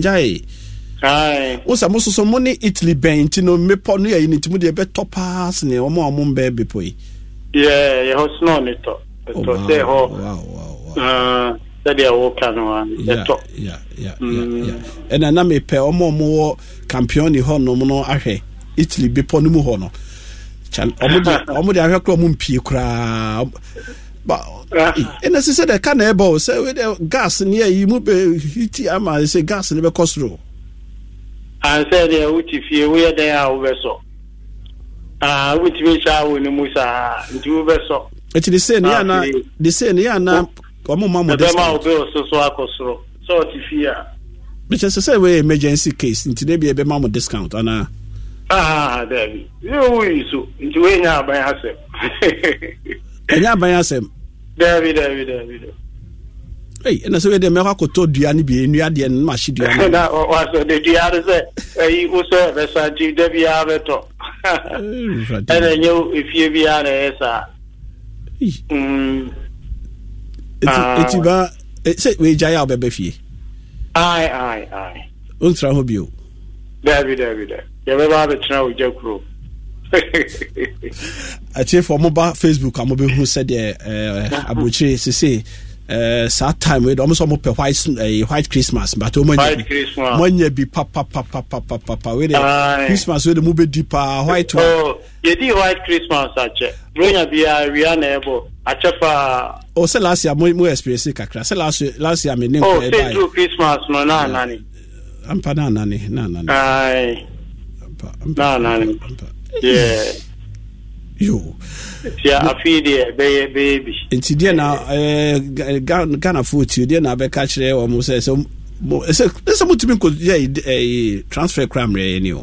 wo sɛ mososo mo ne italy bɛn nti no mmepɔ no yɛyi no nti mu deɛ ɛbɛtɔ paa sene ɔma a mo mbɛɛ bepɔ yi ɛtɔ sɛ hɔ sɛdeɛ woka no ɛtɔ ɛna na mepɛ ɔma ɔmowɔ campione hɔnom no ahwɛ italy bepɔ no mu hɔ no ɔmode ahwɛ kora mu mpie koraa ɛna sɛ sɛ dɛka na ɛbɔ sɛ gas ne ayi mu bɛhiti ama sɛ gas ne bɛkɔ soro ansɛ deɛ wote fie woyɛ dɛn a wobɛsɔ wotumi hyɛ awo no mu saa nti wobɛsɔ ɛti de se ne yɛ ah, ana de se ne yɛ ana wɔn mu ma mo discount. ɛbɛn ma o bɛ o soso akɔ soro sɛ o ti fi ya. bɛkyɛ sɛ sɛ wɔyɛ emergency case nti de bi ɛbɛn ma mo discount ana. aa dabi yóò wú yìí so nti wo enya aban asɛm. enya aban asɛm. dabi dabi dabi dabi. eyi ɛna sɛ wɔyɛ dɛ mɛkɔ akɔtɔ dua ni bi nnua deɛ no ma si dua no. [laughs] na wasɔ de dua no sɛ ɛyi e wosɔ ɛbɛsa nti dabi ya bɛtɔ ɛna nye efie bi ya na ɛyɛ e saa ɛti ah. ba e, sɛ weegyae a wobɛbɛ fie wontra hɔ bio daabi daabi da yɛbɛba abɛtena ogya kuro akyiefoɔ [laughs] moba facebook a mobɛhu sɛdeɛ eh, [laughs] aburokyire sesei uh, saa time wei ɔmo sɛ ɔmo pɛ white eh, christmas but ɔmo nya ɔmo nya bi papapapapapa wei de christmas wei de mo bɛ di paa white one. Oh, yɛdi white christmas akyɛ bronya bi a wia na ɛbɔ akyɛ paa. o oh, sɛ last year mo mo experience kakra sɛ last year last year mi ne nkɔ ɛbaa yi. o sɛ through christmas no na eh, anani. ampa na anani na anani. ayi na anani. yeah yo tia afei deɛ bɛyɛ bɛyɛ bi nti deɛ na ɛɛ ghana foɔ tio deɛ na bɛka kyerɛ wɔn sɛ sɛ mo ɛsɛ ɛsɛ mo tumi nkɔ yɛ ɛɛ transfer kura mmerɛ yɛ ni o.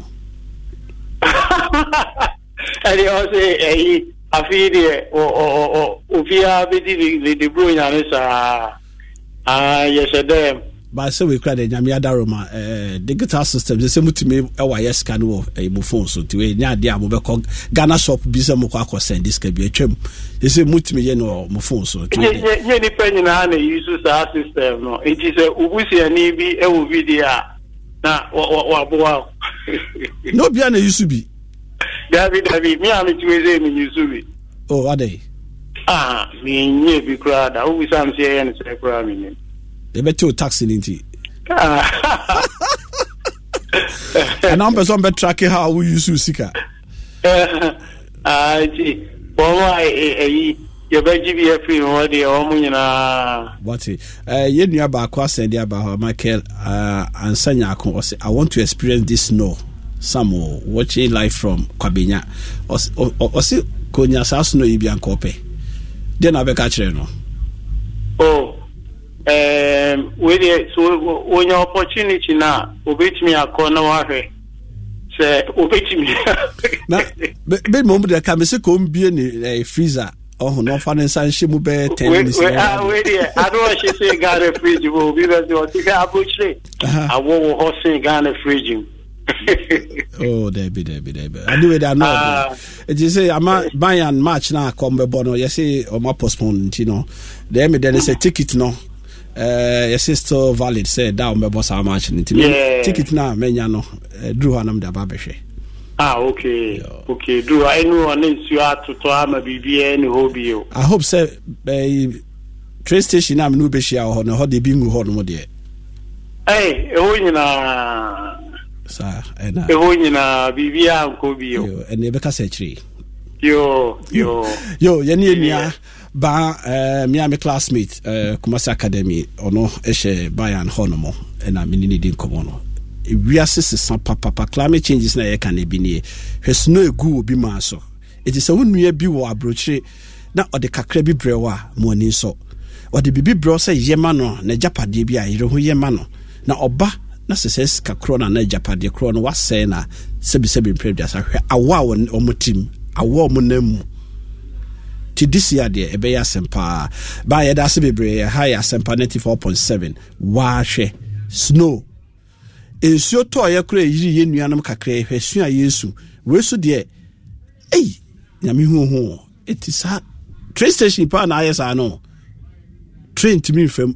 ɛdi ɔsɛ ɛyi afei deɛ ɔ ɔ ɔ obiara bɛ di ne ne buro nyane saa aa yɛhyɛ dɛm baasa wei kura de nyame adaro ma ɛɛ eh, eh, digital systems ɛsɛ mutumi ɛwɔ ayɛ sika no wɔ ɛyɛ mo phone so tiwɛ nye adeɛ a mo bɛ kɔ ghana shop bi sɛ mo kɔ akɔ sɛn disika bi atwam ɛsɛ mutumi yɛ no wɔ mo phone so eh. nye nye nipa nyinaa na yi so saa system no eti sɛ obusiani bi ɛwɔ video a na wɔ wɔ aboa. [laughs] n'obia ah, na yi so bi. dabi dabi mi a mi tiwɛ sɛ mi yi so bi. o adayi. aa mi nye bi koraa da o bisa mi sɛ ɛyɛ ni sɛ koraa mi nye yɛbɛte o taxi no nti ah. [laughs] ɛna mpɛ sɛ ɔmbɛtrake how wo use sika [laughs] ah, nti wɔn a ɛyi eh, eh, yɛbɛgye bi afiri hɔ deɛ wɔn nyinaa wate eh, yɛ nua baako asɛnde aba hɔ michael ah, ansa nyaako ɔsɛ i want to experience this snow sam watching life from kwabenya ɔse konya saa snow yi bi anka ɔpɛ deɛ na wabɛka kyerɛ no oh. wee dị onye opportunity na obetumi akọ na wahwɛ sɛ obetumi. [laughs] na bẹẹ mọ de ka mesi ka n bie ne eh, freezer ɔhun na ɔfa nsa nhyɛ mu bɛɛ ten minutes. wee a wee deɛ ado se ghana fridge mu obi bɛ se ɔti ka aburukyire awɔ wɔ hɔ se ghana fridge mu. [laughs] oh anyway they are not ah. it is eh, ama match na akɔ mbɛbɔ no yɛ se eh, ɔma postpone nti no deɛ dɛ sɛ ticket no. Eh, yɛsisto valid sɛ da wombɛbɔ saa match no nti ticket eh, no a mɛnya no duru hɔ a nam de aba bɛhwɛ Ah, okay. Okay. Do I know an issue to Tama BBN hobby? I hope so. Eh, train station, I'm no be share on a hobby being on what dear. Hey, oh, you know, sir, and I own in a BBN Kobio and Nebeka Setri. Yo, yo, yo, [laughs] Yania. ba mea eh, me classmate commerce eh, academy ɔno hyɛ bayan hɔnom no mɔ ɛna mene ne di nkɔmmɔ no wiase sesa papapa climate changes na yɛka no bi nie hwɛ snow ɛgu wɔ bi maa so ɛti sɛ wo nnua bi wɔ aburokyire na ɔde kakra bi brɛ wɔ a ma ani nsɔ ɔde biribi brɛ sɛ yɛma no na agyapadeɛ bi a yere ho yɛma no na ɔba na sɛ sɛ sika korɔ no ana agyapadeɛ korɔ no wasɛe na sɛbisɛbi mprɛ duasa hwɛ awoa a ɔmo tim awoa ɔmo nan mu ti disi adeɛ ɛbɛyɛ asɛm paa baa yɛda ase bebree ɛha yɛ point seven. waahwɛ snow nsuo tɔɔyɛ kora ɛyiri yɛ nuanom kakra hwɛ sua yesu wei so deɛ ei nyame hu ho ɛti saa train station paa na ayɛ saa no train tumi mfam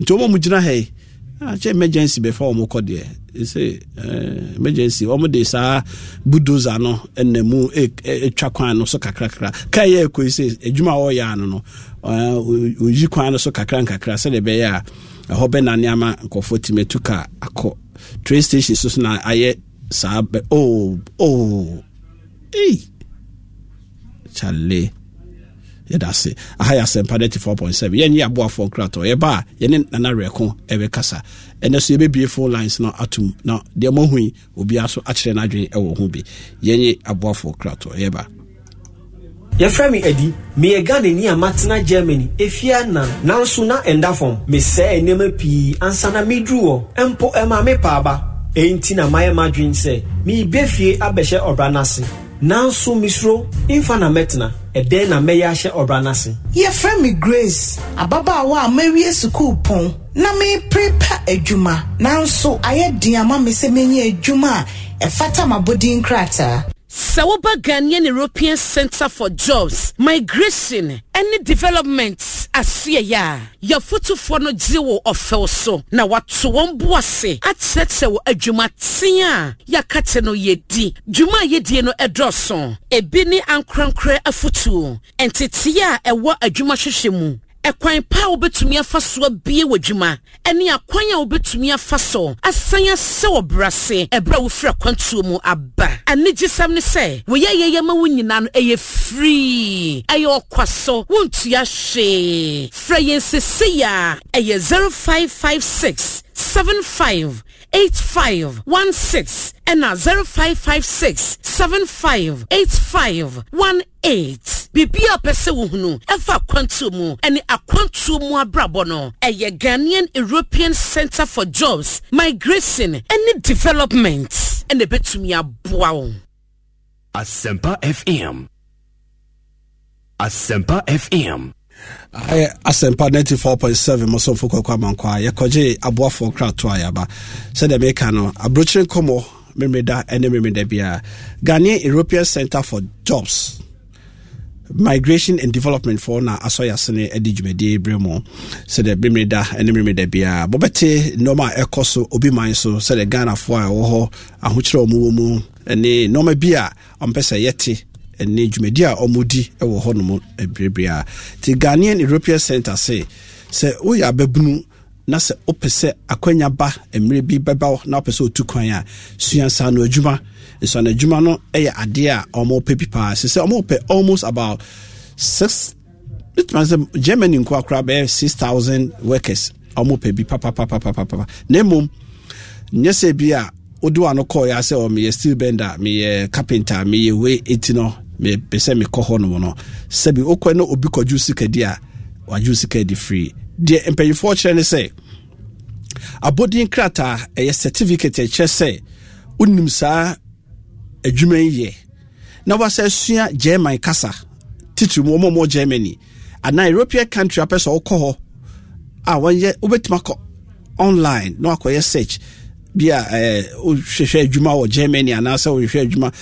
nti ɔma mu gyina hɛ akyɛ ah, emergency bɛfa wɔn kɔ deɛ ɛsɛ eh, emergency wɔn de saa budoza no ɛna mu ɛtwa e, e, kwan no so kakrakra kaa yɛ ɛkɔ ɛsɛ adwuma a wɔreyɛ ano no eh, oyi kwan no so kakra nkakra sɛdeɛ ɛbɛyɛ a ɛhɔ bɛ na nneɛma nkɔfoɔ tìmɛ tu kaa akɔ train station so so na oh, oh, ee kyale. yɛda aha yɛ asɛmpa 94.7 yɛnyɛ aboafoɔ nkrata yɛba a yɛne nanawerɛko ɛbɛkasa ɛnɛ so yɛbɛbie phone lines no atom na deɛ mahui obiara so akyerɛ no adwene ɛwɔ ho bi yɛnye aboafoɔ krato yɛba yɛfrɛ me adi meyɛ ghanani a matena germany ɛfia na nanso na ɛnda fam mesɛɛ nneɛma pii ansa na meduru hɔ mpo ɛma me paaba ɛnti na mayɛ m'adwene sɛ meebɛfie abɛhyɛ ɔbra no ase nanso misoro mfa na mɛtena ɛdɛn na mɛyɛ ahyɛ ɔbra n'ase. yɛfrɛ me grace ababaawa a mawie sukuu pɔn na meprepa adwuma nanso ayɛ den ama me sɛ menyɛ adwuma a ɛfata m'abɔdin krataa sɛ woba ghanaian european center for jobs migration ɛne development aseɛyɛ a yɛfotofoɔ no gye wo ɔfɛw so na wato wɔn bo ase akyerɛkyerɛ wɔ adwumaten a yɛaka te no yɛdi dwuma a yɛdie no ɛdɔɔso ebi ne ankorankora afotuo nteteeɛ a ɛwɔ adwuma hwehwɛ mu ɛkwan pa a wobɛtumi afa so abie wɔ adwuma ɛne akwan a wobɛtumi afa so asan asɛ wɔ brase ɛberɛ a wofiri akwantuo mu aba anigyesɛm ne sɛ woyɛ yɛyɛ ma wo nyinaa no ɛyɛ firii ɛyɛ ɔkwa so wontua hwee frɛ yɛn sesei a ɛyɛ 0556 75 eight five one six ɛna zero five five six seven five eight five one eight. biribi a pɛ sɛ wohunu ɛfa akwantuo mu ɛne akwantuo mu abrabɔ no ɛyɛ ghanaian european center for jobs migration ɛne development ɛna ɛbɛtumi aboa wo. asɛmpa fm asɛmpa fm. ayɛ asɛmpa 94.7 mɔsɔmfo kwakwa mankɔ a yɛkɔgye aboafoɔ kratoa yɛaba sɛdeɛ meka no aburokyire nkɔmmɔ memeda ɛne memeda biara ghane european center for jobs migration and development foɔ na asɔ yɛase ne de dwumadie berɛ mu sɛdeɛ memeda ɛne memeda biara mobɛte nnɔma a ɛkɔ so obi man so sɛdeɛ ghanafoɔ a ɛwɔ hɔ ahokyerɛ ɔmuwɔ mu ne nnɔma bi a ɔmpɛ sɛ yɛte ne dwumadi a wɔdi wɔ hɔnom bebree nti ghanaian european center se sɛ woyɛ ababunu na sɛ wopɛ sɛ akwanya ba mmerɛ bi bɛba na wopɛ sɛ ɔtu kwan a sua saa no adwuma nsuano adwuma no yɛ adeɛ a ɔmɔpɛ bi paa sɛ sɛ ɔmɔpɛ almost about six bituma sɛ germany nko akora bɛyɛ six thousand workers ɔmɔpɛ bi papapapapapa na mmom nyɛ sɛ bi a wode wa no kɔɔyɛ sɛ ɔ meyɛ steel bender meyɛ carpenter meyɛ wei ɛti no sɛ mekɔ hɔ nom no sɛbi wokɔ na obi kɔdwo sikadi a wadwo sikadi firi deɛ mpanyimfoɔ kyerɛ ne sɛ abɔden krataa ɛyɛ certificate ɛkyerɛ sɛ wonim saa adwuma yi yɛ na wasa asua german kasa titiri mu ɔmɔmɔ germany anaa european country apɛ ɔkɔ hɔ a wɔnyɛ wobɛtumi akɔ online na wakɔyɛ search bia a wohwehwɛ adwuma wɔ germany anaasɛ wohwehwɛ adwuma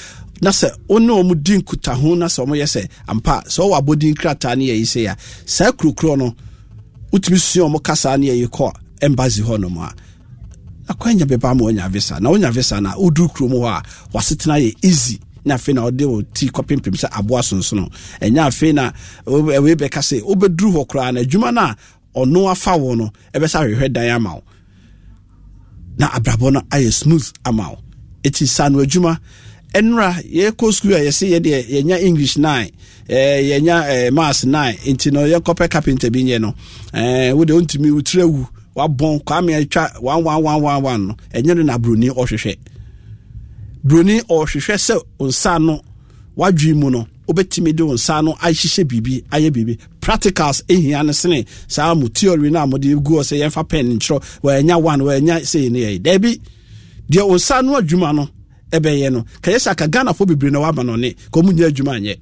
na sɛ wone ɔm di nkutaho na sɛ ɔmoyɛ sɛ ampa sɛ wɔwɔ abɔdin nkrataa ne yɛyi sei a saa kurokuro no wotumi sua ɔmo kasaa ne yɛyi kɔ hɔ nom a bɛba ma na wonya visa no a woduru kurom hɔ a wasetena yɛ easy na afei na ɔde ti kɔpempem sɛ aboa sonsono afei na bɛka sɛ wobɛduru hɔ koraa na adwuma no a ɔno afa wo no dan ama wo ama wo ɛnura yɛkɔ skul a yɛsɛ yɛdeɛ yɛnya english 9 eh, yɛnya eh, mars 9 nti no yɛnkɔpɛ kapinta bi nyɛ no eh, wode wontumi wotirɛ wu wabɔn kwame atwa 1111 no ɛnyɛ no na broni ɔhwehwɛ broni ɔhwehwɛ sɛ nsa no wadwi mu no wobɛtumi de wo nsa no ahyehyɛ biribi ayɛ biribi practicals ɛhia no sene saa mo theory no a mode gu ɔ sɛ yɛmfa pɛn nkyerɛ wɔɛnya 1 wɔɛnya sei ne yɛi daabi deɛ nsa no adwuma no ɛbɛyɛ no kɛyɛ sɛ aka ghanafoɔ bebree na waba no ne ka mu nyɛ adwuma anyɛ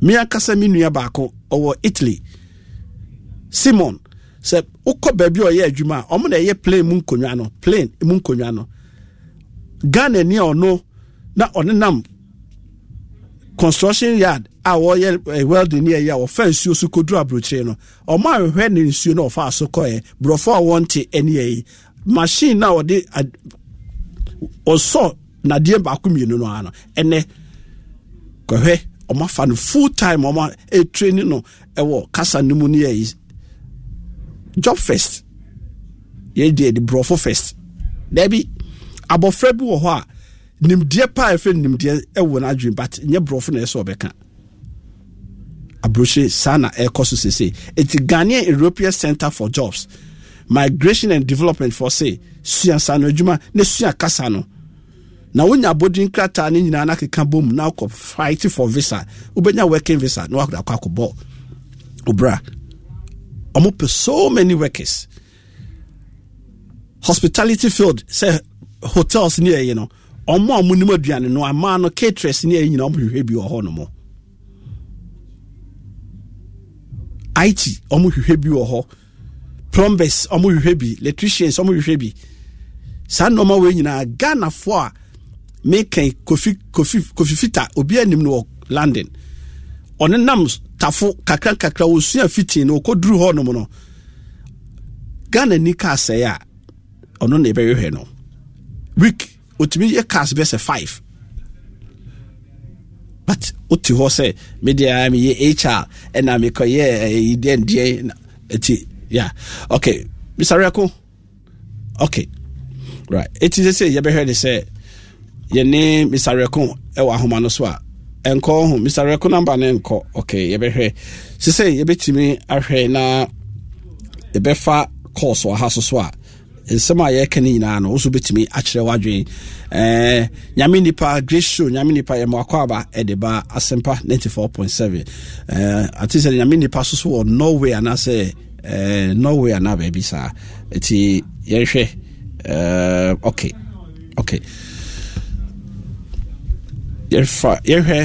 me ankasa me nua baako ɔwɔ italy simon sɛ wokɔ baabi a ɔyɛ adwuma a ɔmo na ɛyɛ plane mu nkonnwa no plane mu nkonnwa no ghana ni a ɔno na ɔne nam construction yard a wɔyɛ eh, welding ni ɛyɛ a wɔfa nsuo so koduru aburokyire no ɔmo ahwehwɛ ne nsuo na ɔfa so kɔɛ borɔfo a wɔnte ɛni ɛyi machine na ɔde ɔsɔ nadeɛ baako mmienu no ano ɛnɛ kɔhwɛ ɔmo no full time ɔmo etreni no ɛwɔ kasa no mu ne yɛ yi job first yɛ deɛ de borɔfo first dɛbi abɔfra bi wɔ hɔ a nimdeɛ paa efɛ nimdeɛ ɛwɔ n'adwene but nyɛ borɔfo na ɛsɛ ɔbɛka aburokye saa na ɛkɔ so sese eti ghanaian european center for jobs. migration and development for say suansa no adwuma ne sua kasa no na wonya boarding krataa no nyinaa no akeka bɔ na wokɔ fight for visa wobɛnya working visa na wakɔ akɔ akɔbɔ obra ɔmo pɛ so many workers hospitality field sɛ hotels ne ɛyi no ɔmo a ɔmo nim aduane no amaa no caterers ne ɛyi nyinaa ɔmo hwehwɛ bi wɔ hɔ nom it ɔmo hwehwɛ bi wɔ hɔ plumbers ɔmo hwehwɛ bi electricians ɔmo hwehwɛ bi saa nneɛma wei nyinaa ghanafoɔ a mekɛn kofi kofi kofi fita obi anim no wɔ london ɔne nam tafo kakra kakra osua fitin no okoduru hɔ nom no ghana ni kaa sɛɛ a ɔno na ɛbɛhwehwɛ no week otumi yɛ cars five but wote hɔ sɛ medeɛ meyɛ hr ɛna eh, yeah okay mr Riako okay right eti sɛ sɛ yɛbɛhwɛ ne sɛ yɛne mr Riako ɛwɔ ahoma no so a ɛnkɔ ho mr Riako namba no nkɔ okay yɛbɛhwɛ sɛ sɛ yɛbɛtumi ahwɛ na yɛbɛfa course wɔ ha so so a nsɛm a yɛreka no nyinaa no woso bɛtumi akyerɛ w'adwene eh, nyame nipa grace show nyame nipa yɛma akɔ aba ɛde ba asɛmpa 94.7 eh, ate sɛ nyame nipa so so wɔ norway anaasɛ Eh, norway na baabi saa ɛti yɛhwɛ eh, ok yɛhwɛ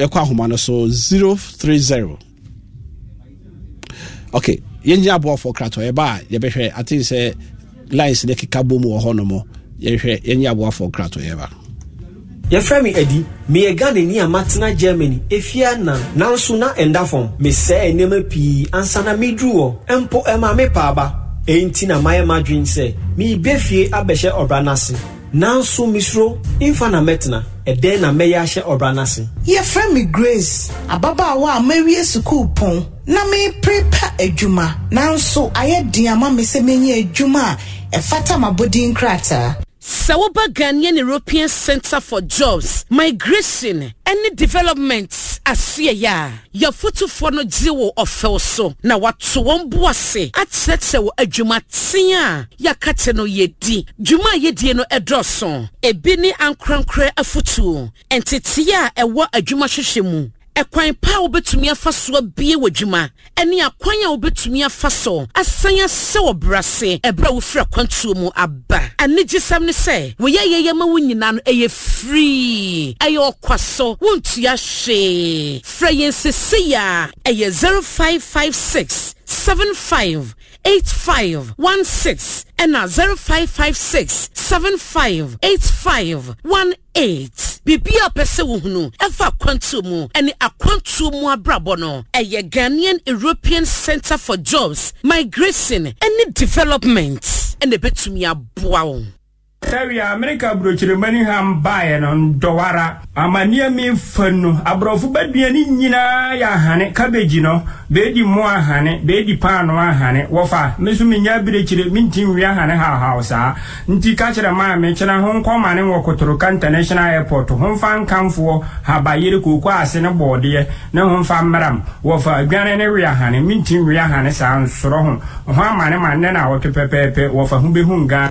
yɛkɔ ahoma no so 030 ok yɛnya aboafoɔ kratɔ yɛba a yɛbɛhwɛ ate sɛ lines ne keka bɔ mu wɔ hɔ no yɛhwɛ yɛnya aboafoɔ kratɔ yɛba yɛfrɛ me adi meyɛ ghanani a matena germany ɛfie anan nanso na ɛnda fam mesɛe nneɛma pii ansa na meduru hɔ mpo ɛma me paaba ɛnti na mayɛ m'adwene sɛ merebɛ fie abɛhyɛ ɔbra no ase nanso misuro mfa na mɛtena ɛdɛn na mɛyɛ ahyɛ ɔbra no ase yɛfrɛ me grace ababaawa a mawie sukuu pɔn na mereperepa adwuma nanso ayɛ den ama me sɛ menya adwuma a ɛfata m'abɔdin krataa sɛ woba ghanaian european center for jobs migration ɛne development aseɛ yɛ a yɛfotofoɔ no gye wo ɔfɛw so na wato wɔn bo ase akyerɛkyerɛ wɔ adwumaten a yɛaka kyɛ no yɛdi dwuma a yɛdie no ɛdɔɔso ebi ne ankorankora afotuo nteteeɛ a ɛwɔ adwuma hwehwɛ mu ɛkwan pa a wobɛtumi afa so abie w'adwuma ɛne akwan a wobɛtumi afa so asan asɛ wɔ brase ɛberɛ a wofiri akwantuo mu aba anigyesɛm ne sɛ woyɛ yɛyɛ ma wo nyinaa no ɛyɛ firii ɛyɛ ɔkwa so wontua hwee frɛ yɛn sesei a ɛyɛ 0556 75 8516 ɛna 0556 75 85 18 eight biribi a pɛ sɛ wohunu ɛfa akwantuo mu ɛne akwantuo mu abrabɔ no ɛyɛ ghanaian european centre for jobs migration ɛne development ɛna ɛbɛtumi aboa wo sɛwie amerika burokyerɛmani ham baeɛ no ndɔwara amanneɛ me fa no aborɔfo baduane nyinaa yɛ ahane kabegi no beedi mo ahane beedi paano ahane wɔfa me so menya abirekyire menti nwie ahane hawhaw saa nti ka kyerɛ maa mekyena ho nkɔmane wɔ kotoroka international airport ho mfa nkamfoɔ habayere kooko ase ne bɔɔdeɛ ne ho mfa mmaram wɔfa adwane ne we ahane menti nwie ahane saa nsorɔ ho ho amane ma nnɛ na wɔtwe pɛpɛɛpɛ wɔfa ho bɛhu ngaa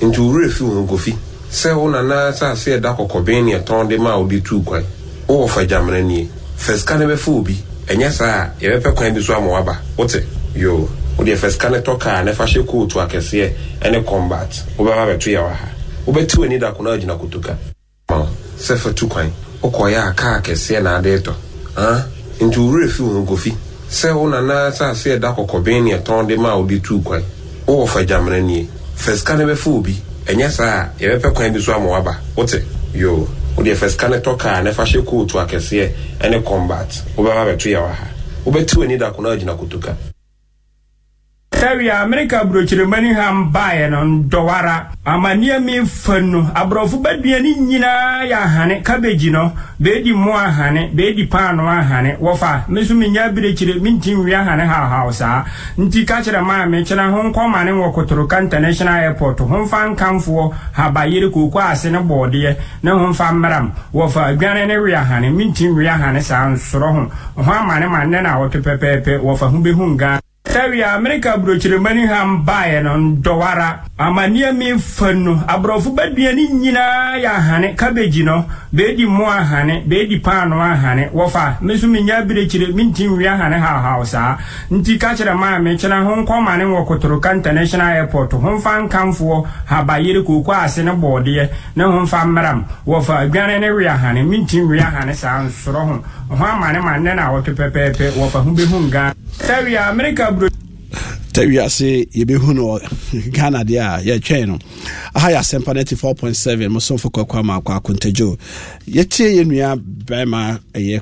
nti owurɛ fi wo ho na sɛ wo nanaa sɛ ase ɛda kɔkɔben ne ɛtɔn de ma a wode tuu kwan wowɔ fa gyamena nie fa sika no bɛfa obi ɛnyɛ saa a yɛbɛpɛ kwan bi so ama wote yo wode fa sika no tɔ kaa na fa hyɛ kootu akɛseɛ combat wobɛba bɛto yɛ w'ani da agyina kotoka ma sɛ fa tu kwan wokɔyɛ a kaa na ade tɔ nti owurɛ fi wo ho kofi sɛ wo sɛ ase ɛda kɔkɔben ne ɛtɔn de ma a fa sika no bɛfa obi ɛnyɛ saa a yɛbɛpɛ kwan bi so ama waba wote yo wode fa sika no tɔ kaa na fa hyɛ kootu akɛseɛ ne combat wobɛba bɛto yɛwɔ ha wobɛte w'ani da ko na agyina kotoka ɛwia amerika burokyerɛma ne ha baeɛ no dɔwara amanneɛ me no aborɔfo baduane nyinaa yɛ ahane kabegi no beedi mo ahane beedi paano ahane wɔfa me so menya birekyire menti nwi ahane hawhaw saa nti ka kyerɛ maa me kyena ho nkɔma wɔ kotoroka international airport ho mfa nkamfoɔ habayere kooko ase ne bɔɔdeɛ ne ho mfa wɔfa adwane ne we ahane menti nwi ahane saa nsorɔ ho ho amane ma nnɛ na wɔto pɛpɛɛpɛ wɔfa ho bɛhu ngaa sɛwie amerika burokyirima ne ha baeɛ no ndɔwara amanneɛme fa nu aborɔfo baduane nyinaa yɛ ahane kabegi no beedi mo ahane beedi paano ahane wɔfa me so menya abirekyire mentim wie ahane saa ka kyerɛ maa ho wɔ kotoroka international airport ho mfa nkamfoɔ ho amane nne na wɔto pɛpɛɛpɛ wɔfa ho bɛhu ghana tawia amerika bro tawia se yɛbɛhu no ghana deɛ a yɛtwɛn no aha yɛ asɛmpa no 4.7 mosomfo kɔkɔ ama akɔ akontagyo yɛtie yɛ nua bɛrima ɛyɛ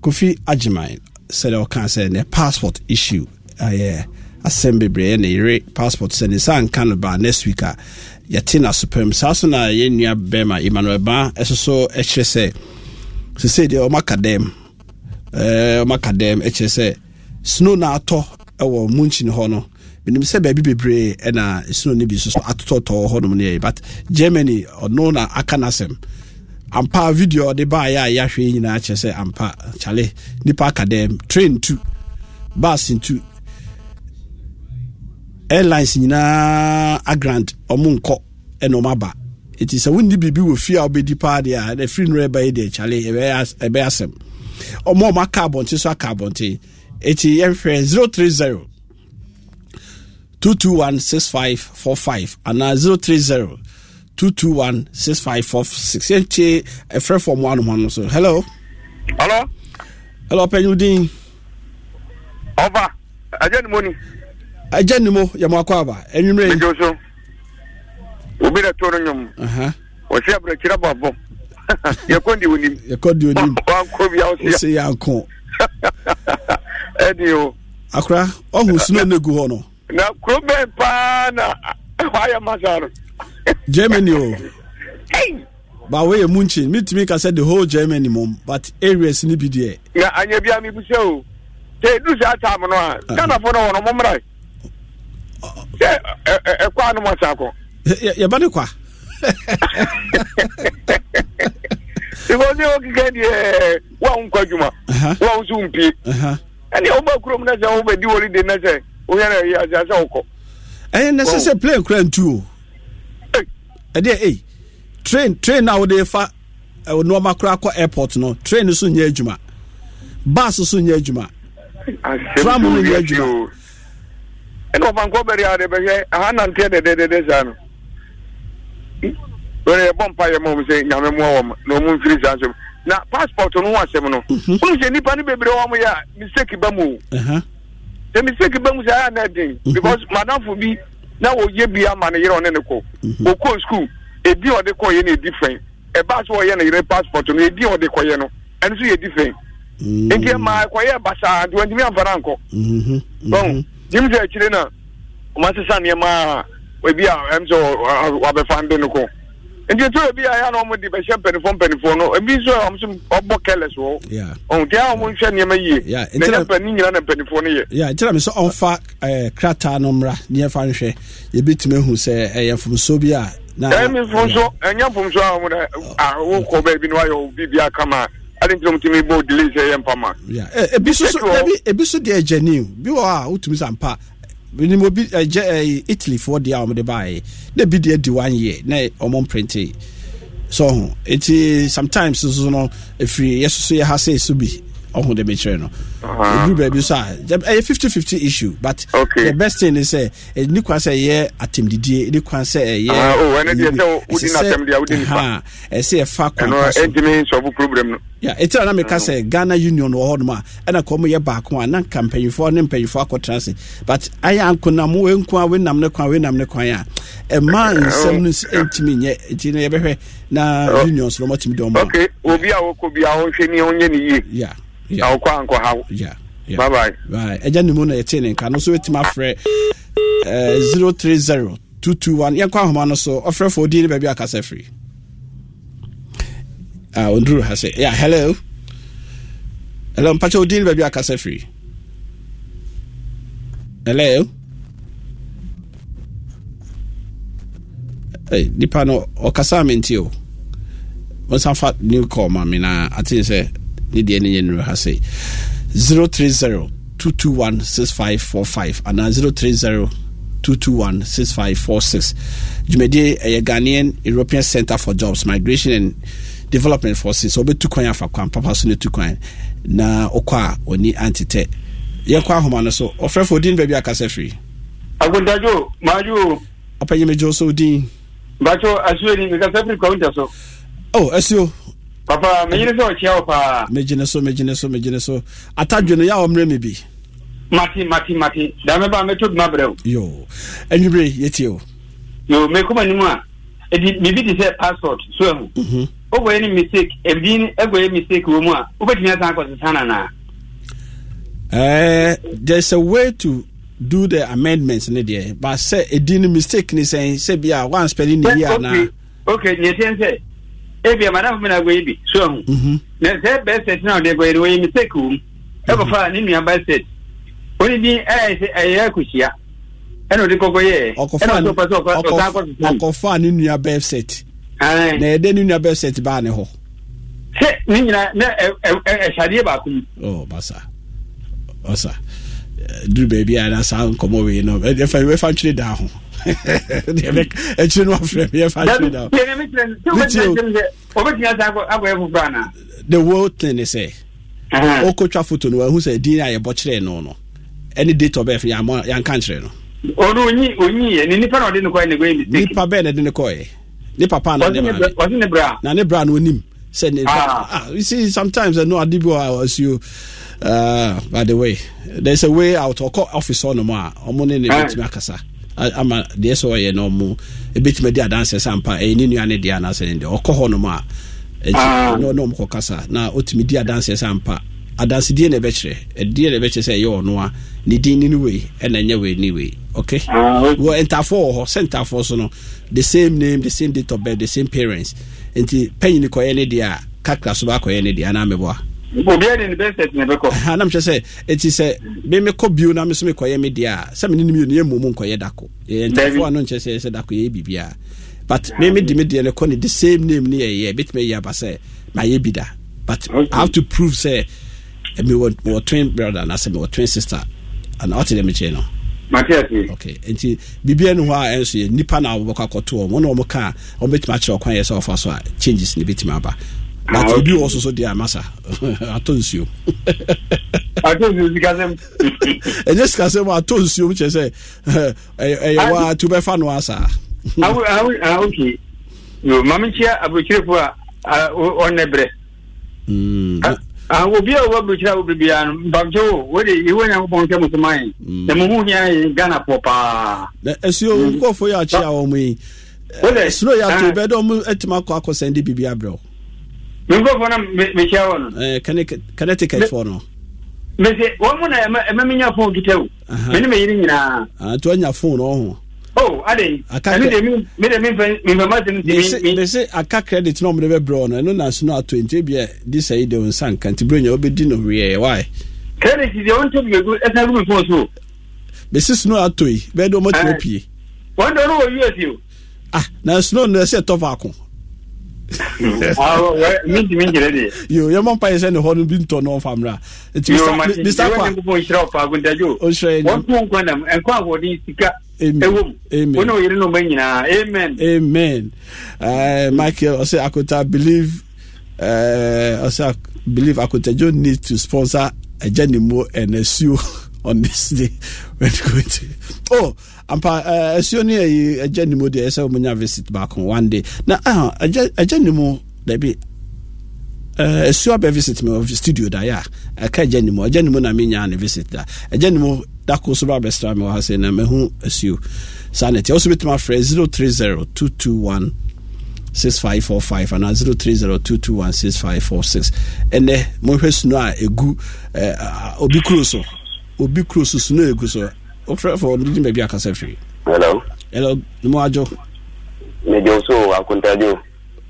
kofi agyeman sɛdeɛ ɔka sɛ ne passport issue ɛyɛ asɛm bebree ne yere passport sɛ ne saa nka no baa next week a yɛte n'asopam saa so na yɛ nua bɛrima emmanuel ba ɛsoso ɛkyerɛ sɛ sɛsei deɛ ɔma ka dɛm dɛm sɛ snow na atɔ ɛwɔ eh, munkyini hɔ no menim sɛ baabi bebree eh, ɛna snow n'ibi bi so atotɔtɔɔ hɔ ọhụrụ yɛ but germany ɔno oh, na aka ampa video ɔde oh, baayɛ a yɛahwɛ yi nyinaa ampa nipa aka dɛm train bus ntu airlines nyinaa ɔmo nkɔ ɛna eh, aba ɛti sɛ wonni biribi wɔ fie a wobɛdi paa deɛ a ɛfiri no ɛbɛyɛ deɛ kyale ɛbɛyɛ asɛm ɔma ɔma aka abɔnten so aka abɔnten ɛti yɛmhwɛ 030 2216545 anaa 030 2216546 yɛntie ɛfrɛ fɔ mo anom no so hello hello hello ɔpɛnyi wo din ɔba agya nimoni agya nimo yɛmɔ akɔ aba anwummerɛ yi obi na to no nwom wɔse abrɛkyerɛ bɔbɔ yɛkɔ de onim yɛkɔ de onim wankɔ bia wo sɛ yɛanko ɛne o akora ɔho eh, suno eh. no gu hɔ no na kuro bɛn paa na [laughs] wayɛ ma saa no [laughs] germany o ba woyɛ mu nkyin metumi ka sɛ the whole germany mom but areas ne bi deɛ na anyɛ bia mebusɛ o sɛ ɛduru saa tam no a ghanafoɔ ah. no wɔ no mommrae oh. eh, sɛ ɛkɔ a no mɔ sa kɔ yɛba ne kwa sibɔnye okike deɛ wa nkɔ adwuma wa nso mpie ɛne ɔba kurom na sɛ wobɛdi holiday na sɛ woyɛ na ɛyɛ ase ase wokɔ ɛyɛ na sɛ sɛ plane kora ntu o ɛdeɛ eyi, train train a wode fa nneɛma kora kɔ airport no train so nyɛ adwuma bus so nyɛ adwuma tram no nyɛ adwuma ɛne ɔfankɔ bɛre ade bɛhwɛ aha nanteɛ dɛdɛdɛdɛ saa no wɛrɛ yɛbɔ mpa yɛ ma wɔn sɛ nyame mu wɔ na wɔn mfiri saa nsɛm na passport no ho asɛm no wɔn mm-hmm. sɛ nipa no bebree wɔn yɛ a mistake ba mu o uh-huh. the mistake ba mu sɛ ayɛ anɛ den because madamfo bi na wɔyɛ bi ama ne yerɛ ɔne ne kɔ mm-hmm. wɔkɔ school edi ɔde kɔ yɛ na edi fɛn ɛbaa so ɔyɛ na yɛrɛ passport no edi ɔde kɔ yɛ no ɛno e so yɛ di fɛn nti ɛma ɛkɔ yɛ basaa nti wɔn ntumi na nkɔ bɔn jim sɛ akyire na wɔn asesa nneɛma a ebi a ɛm sɛ uh, wabɛfa nde no ko nti etu ebi a ya na ɔmo de bɛhyɛ mpanyinfoɔ mpanyinfoɔ no ebi nso ɔmo so ɔbɔ kɛlɛs wɔ ɔmo tia ɔmo nhwɛ nneɛma yie nneɛma ni nyinaa na mpanyinfoɔ no yɛ. ya ntina mi sɛ ɔnfa ɛɛ eh, krataa no mra nneɛfa nhwɛ ebi tuma ehu sɛ ɛyɛ fumuso bi a. ɛmi fumuso ɛnyɛ fumuso a ɔmo dɛ awo kɔ baabi na wayɛ obi bi aka kama adi ntina mo ti mi bɔ delay sɛ ɛyɛ ma. Eh, ebi so ebi so deɛ ɛgyɛ ni bi wɔ a wotumi sa mpa nim obi ɛgyɛ eh, ɛɛ eh, italy foɔ deɛ a wɔn de baeɛ na bi deɛ di one year na wɔn mprinte so eti sometimes nso no efiri yɛ soso yɛ ha sɛ so bi ɔho de bɛkyerɛ no ɔduru baabi so a ɛyɛ 5050 issue but okay. the best thing is sɛ ɛni kwan sɛ ɛyɛ atɛmdidie ɛni kwan sɛ ɛyɛ oh, ɛsɛ ɛsɛ ɛfa kwan so ɛntumi nsɔfo problem no ya ɛtira na meka sɛ ghana union wɔ hɔnom a ɛna kɔn mu yɛ baako a na nka mpanyinfoɔ ne mpanyinfoɔ akɔtena se but ayɛ ankonam wo nko a wenam ne kwan wenam ne kwan a ɛmaa oh. nsɛm no ntumi nyɛ nti na yɛbɛhwɛ na oh. unions no ɔmɔtumi dɔn mu a. obi a wɔkɔ bi a wɔnhwɛ ni ɔnyɛ ni yie. na ɔkɔ ankɔhaw bye bye. Bye ne mu na yɛte ne nka no nso bɛtumi afrɛ zero three zero two two one yɛnkɔ ahoma no so ɔfrɛ fo odini ne baabi akasa firi ah ha sɛ yeah hello hello mpakyɛ odini ne baabi akasa firi hello. Hey, nipa no ɔkasa me nti o wɔsan fa new call ma me na ate sɛ ne deɛ ne nyɛ nnuro ha sei 030 221 6545 anaa 030 2216546 dwumadie ɛyɛ Ghanian european center for jobs migration and development forces wɔbɛtu kwan afa kwan papa so ne tu kwan na ɔkɔ a ɔni antetɛ yɛnkɔ ahoma no so ɔfrɛfo odin baabi akasɛ firi akontajo maajo ɔpɛnyɛmɛdwo so odin bakyɛ asuo ni mekasɛ firi kaunta so o oh, asuo papa meyere sɛ ɔkyia wo paa megyene so megyene so megyene so atadwe no ɔmmerɛ me bi mate mate mate da mɛba mɛtɔ duma brɛ wo anwumere yɛtie wo yo mekɔma anim a ɛdi biribi te sɛ passport so ahu mhm. wobɔyɛ ne mistake ɛbidin ɛgɔyɛ mistake wɔ mu a wobɛtumi asan akɔsesa nanaa Uh, eh, there's a way to do the amendments ne deɛ but sɛ ɛdin no mistake ne sɛn sɛ bia wanspɛne ne yie anaa okay neɛtiɛn sɛ ebi amana fún mi na gbẹ̀yìn bi so ọ̀hún mhm. na sẹ́ bẹ́ẹ̀ sẹ́t náà ọ̀dẹ́ gbẹ̀yìn wọ́n yẹ mistake wọ́n ẹ̀kọ́ fa ní nùyà bá sẹ́t wọ́n ní dín ẹ̀ ẹ̀ ẹ̀yẹ ẹ̀kùsíà ẹ̀nà òdi kọ́kọ́ yẹ ẹ̀ ẹ̀nà òdi pàṣẹ ọ̀kọ́ ọ̀kọ́ ọkọ̀ fa ní nùyà bẹ́ẹ̀ sẹ́t na ẹ̀dẹ́ ní nùyà bẹ́ẹ̀ sẹ́t báà ní họ. sẹ ní nyina ẹ ẹ ẹ ṣàdíyẹ baako mu. ọ basa basa eh, duru baabi a ah, na saa nkɔmɔ wei no ɛfɛ eh, eh, ntwere da ho. akyiri no afrɛ me yɛfa twedao the whole thing ne sɛ wokɔtwa photo no wahu sɛ din a yɛbɔ kyerɛɛ no no ɛne date of birth yɛanka nkyerɛ no nipa bɛɛ na ɛde ne kɔɛ ne papa na ne maame na ne bra no onim sɛ ne ah you see sometimes ɛno ade bi wɔ a ɔsi o uh, by the way there's a way out ɔkɔ office hɔ nom a ɔmo ne ne bɛtumi akasa ama deɛ sɛ ɔyɛ no ɔmo ɛbɛtumi de adanseɛ sɛ ampa ɛyɛ ne nua ne deɛ anaasɛ ne deɛ ɔkɔ hɔ nom a ɛkyi ah. na ɔne ɔmkɔ kasa na ɔtumi di adanseɛ sɛ ampa adansedie na ɛbɛkyerɛ ɛdeɛ na ɛbɛkyerɛ sɛ ɛyɛ ɔno a ne din ne no wei ɛna ɛnyɛ wei ne wei ah, okay wɔ ntaafoɔ wɔ hɔ sɛ ntaafoɔ so no the same name the same date of birth the same parents nti pɛnyini kɔyɛ ne deɛ a kakra so baakɔyɛ ne deɛ anaa mɛboa anam kyɛ sɛ ɛti sɛ memekɔ bio na me so mekɔyɛ me deɛ a sɛ mene nemyɛ no yɛmmɔ mu nkɔyɛ dako yɛntafoɔ a no nkyɛ sɛ sɛ dako yɛyɛ biribiaa but me mede me deɛ no kɔ ne the same name ne yɛyɛ bɛtumi ayi aba sɛ mayɛ bi da but okay. i have to prove sɛ eh, mewɔ twin brother anaasɛ mewɔ twin sister ana ɔte dɛ mekyɛ no okay nti biribia no hɔ a ɛnso yɛ nnipa na wobɛkɔ akɔto ɔ mo na ɔmo ka a ɔmbɛtumi akyerɛ ɔkwan yɛ sɛ ɔfa so a changes ne bɛtumi aba but ebi wɔ soso deɛ amasa [laughs] atɔ nsuo [laughs] atɔ nsuo sikasɛm [laughs] ɛnyɛ sikasɛm atɔ nsuo kyɛ sɛ ɛyɛ wa tu bɛfa no asaa okay maame nkyia aburokyirefoɔ a ɔnɛ berɛ mm. obi a wɔwɔ aburokyire a wɔbɛ biara no mpamkyɛ wo wode yɛwɔ nyankopɔn sɛ mosoma ye mm. na mo ho hia ye gana pɔ paa asuo mm. nkɔfoɔ yɛ akye a wɔ mu yi eh, suro yɛ ato bɛdɛ ɔmo atumi akɔ akɔsɛnde biribi abrɛ wo mekurɔfoɔ no mehyia wɔ no connecticutfoɔ eh, no mese wɔn mu na ɛma menya fon kita o mene meyere nyinaa nti wanya fon na ɔho mese aka credit na ɔmde bɛbrɛ no ɛno na so no ato nti bia di sɛ de e eh. wo nsa nka nti berɛ nya wobɛdi no wieɛ wae credit deɛ wɔntɔ biagu mese sno atoi bɛde ɔmatumi apue wɔn dɔ no ah na sno no ɛsɛ ɛtɔ faako yɛmɔ mpa yɛ sɛ ne hɔ no bi ntɔ no ɔfa mmra amen michael ɔsɛ akota believe ɔsɛ uh, believe akotadjo need to sponsor agyanimo and asuo [laughs] on this day when going to oh ampa asuo no ayi agya nimu deɛ ɛsɛ womunya visit baako one day na agya nimu dabi asuo abɛ visit me studio da yɛ a ɛka agya eh, nimu agya eh, nimu na menyaa ne visit da agya eh, nimu dako so ba bɛsra me wɔ ha sɛ na mahu asuo saa ne tiɛ wo so bɛtumi afrɛ 030 221 6545 anaa 0302216546 ɛnɛ monhwɛ suno a ɛgu obi kuro so obi kuro so suno a ɛgu so wofrɛfo ɔno gyina baabi akasa firi hello hello nomu adwo medwo so akontadwo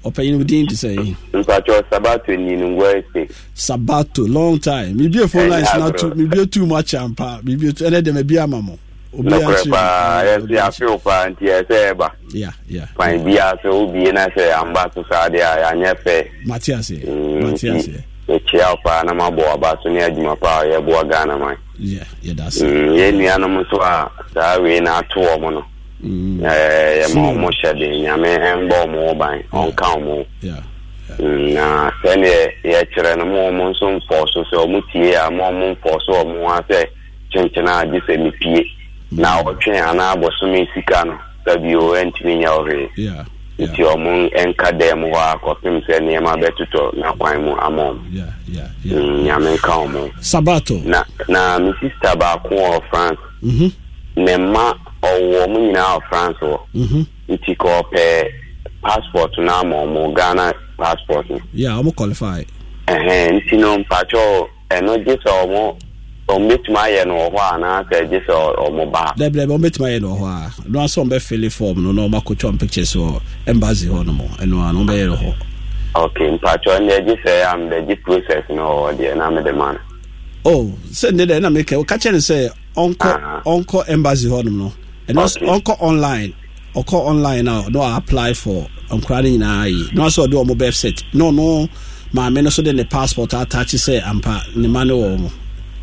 ɔpanyin mu din te sɛ yi. mpatsɔ sabato ninungwa ese. sabato long time mi bie phone lines na tu mi bie tu mu akyɛ mpa mi bie tu ɛnɛ dɛmɛ bi ama mo. nɔkɔrɛ paa yɛsɛ afew paa nti yɛsɛ ɛba. ya ya. fan bi a sɛ o bie na sɛ anba sosa de a yanyɛ fɛ. mati ase mm, mati ase. mekyia wo paa na mabɔ aba so ne adwuma paa a yɛboa ghana man mm, yɛ nnuanom a saa wei na atoɔ mo no mm. eh, yɛma ɔmo hyɛ nyame ɛmbɔ ban oh. ɔnka mm, na sɛneɛ yɛkyerɛ no ma ɔmo nso mfɔɔ so sɛ ɔmo tie a ma ɔmo mfɔɔ so ɔmo a sɛ sɛ mepie na ɔtwe anaa bɔsome sika no sɛ bio nti ɔmo nka dɛm hɔ a kɔpem sɛ nneɛma bɛtotɔ n'akwan mu ama ɔmo mm, nyame nka ɔmo sabato na na me sista baako wɔ france mm-hmm. ne mma ɔwɔ ɔmo nyinaa wɔ france wɔ mm-hmm. nti ka ɔpɛ passport no ama ɔmo ghana passport no yeah ɔmo qualify ɛhɛn nti no mpakyɛw ɛno gye sɛ ɔmo ɔmbɛtumi ayɛ no wɔ hɔ anaasɛ gye sɛ ɔmo baa dɛbrɛ ɔmbɛtumi ayɛ no wɔ hɔ a no asɛ ɔmbɛfele fɔm no na ɔmakɔtwam pictures wɔ embassy hɔ no mo ɛno a na ɔmbɛyɛ no hɔ ok mpatwɔ ndeɛ gye sɛ a mede gye process no wɔ deɛ na mede ma no o oh, sɛ nne dɛ na mekɛ woka kyɛ no sɛ ɔnkɔ ah. ɔnkɔ embassy hɔ nom no ɔnkɔ online ɔkɔ online a na ɔapply for nkora no nyinaa yi na sɛ ɔde ɔmo bɛf na ɔno maame no so de ne passport atakye sɛ ampa ne ma ne wɔ mo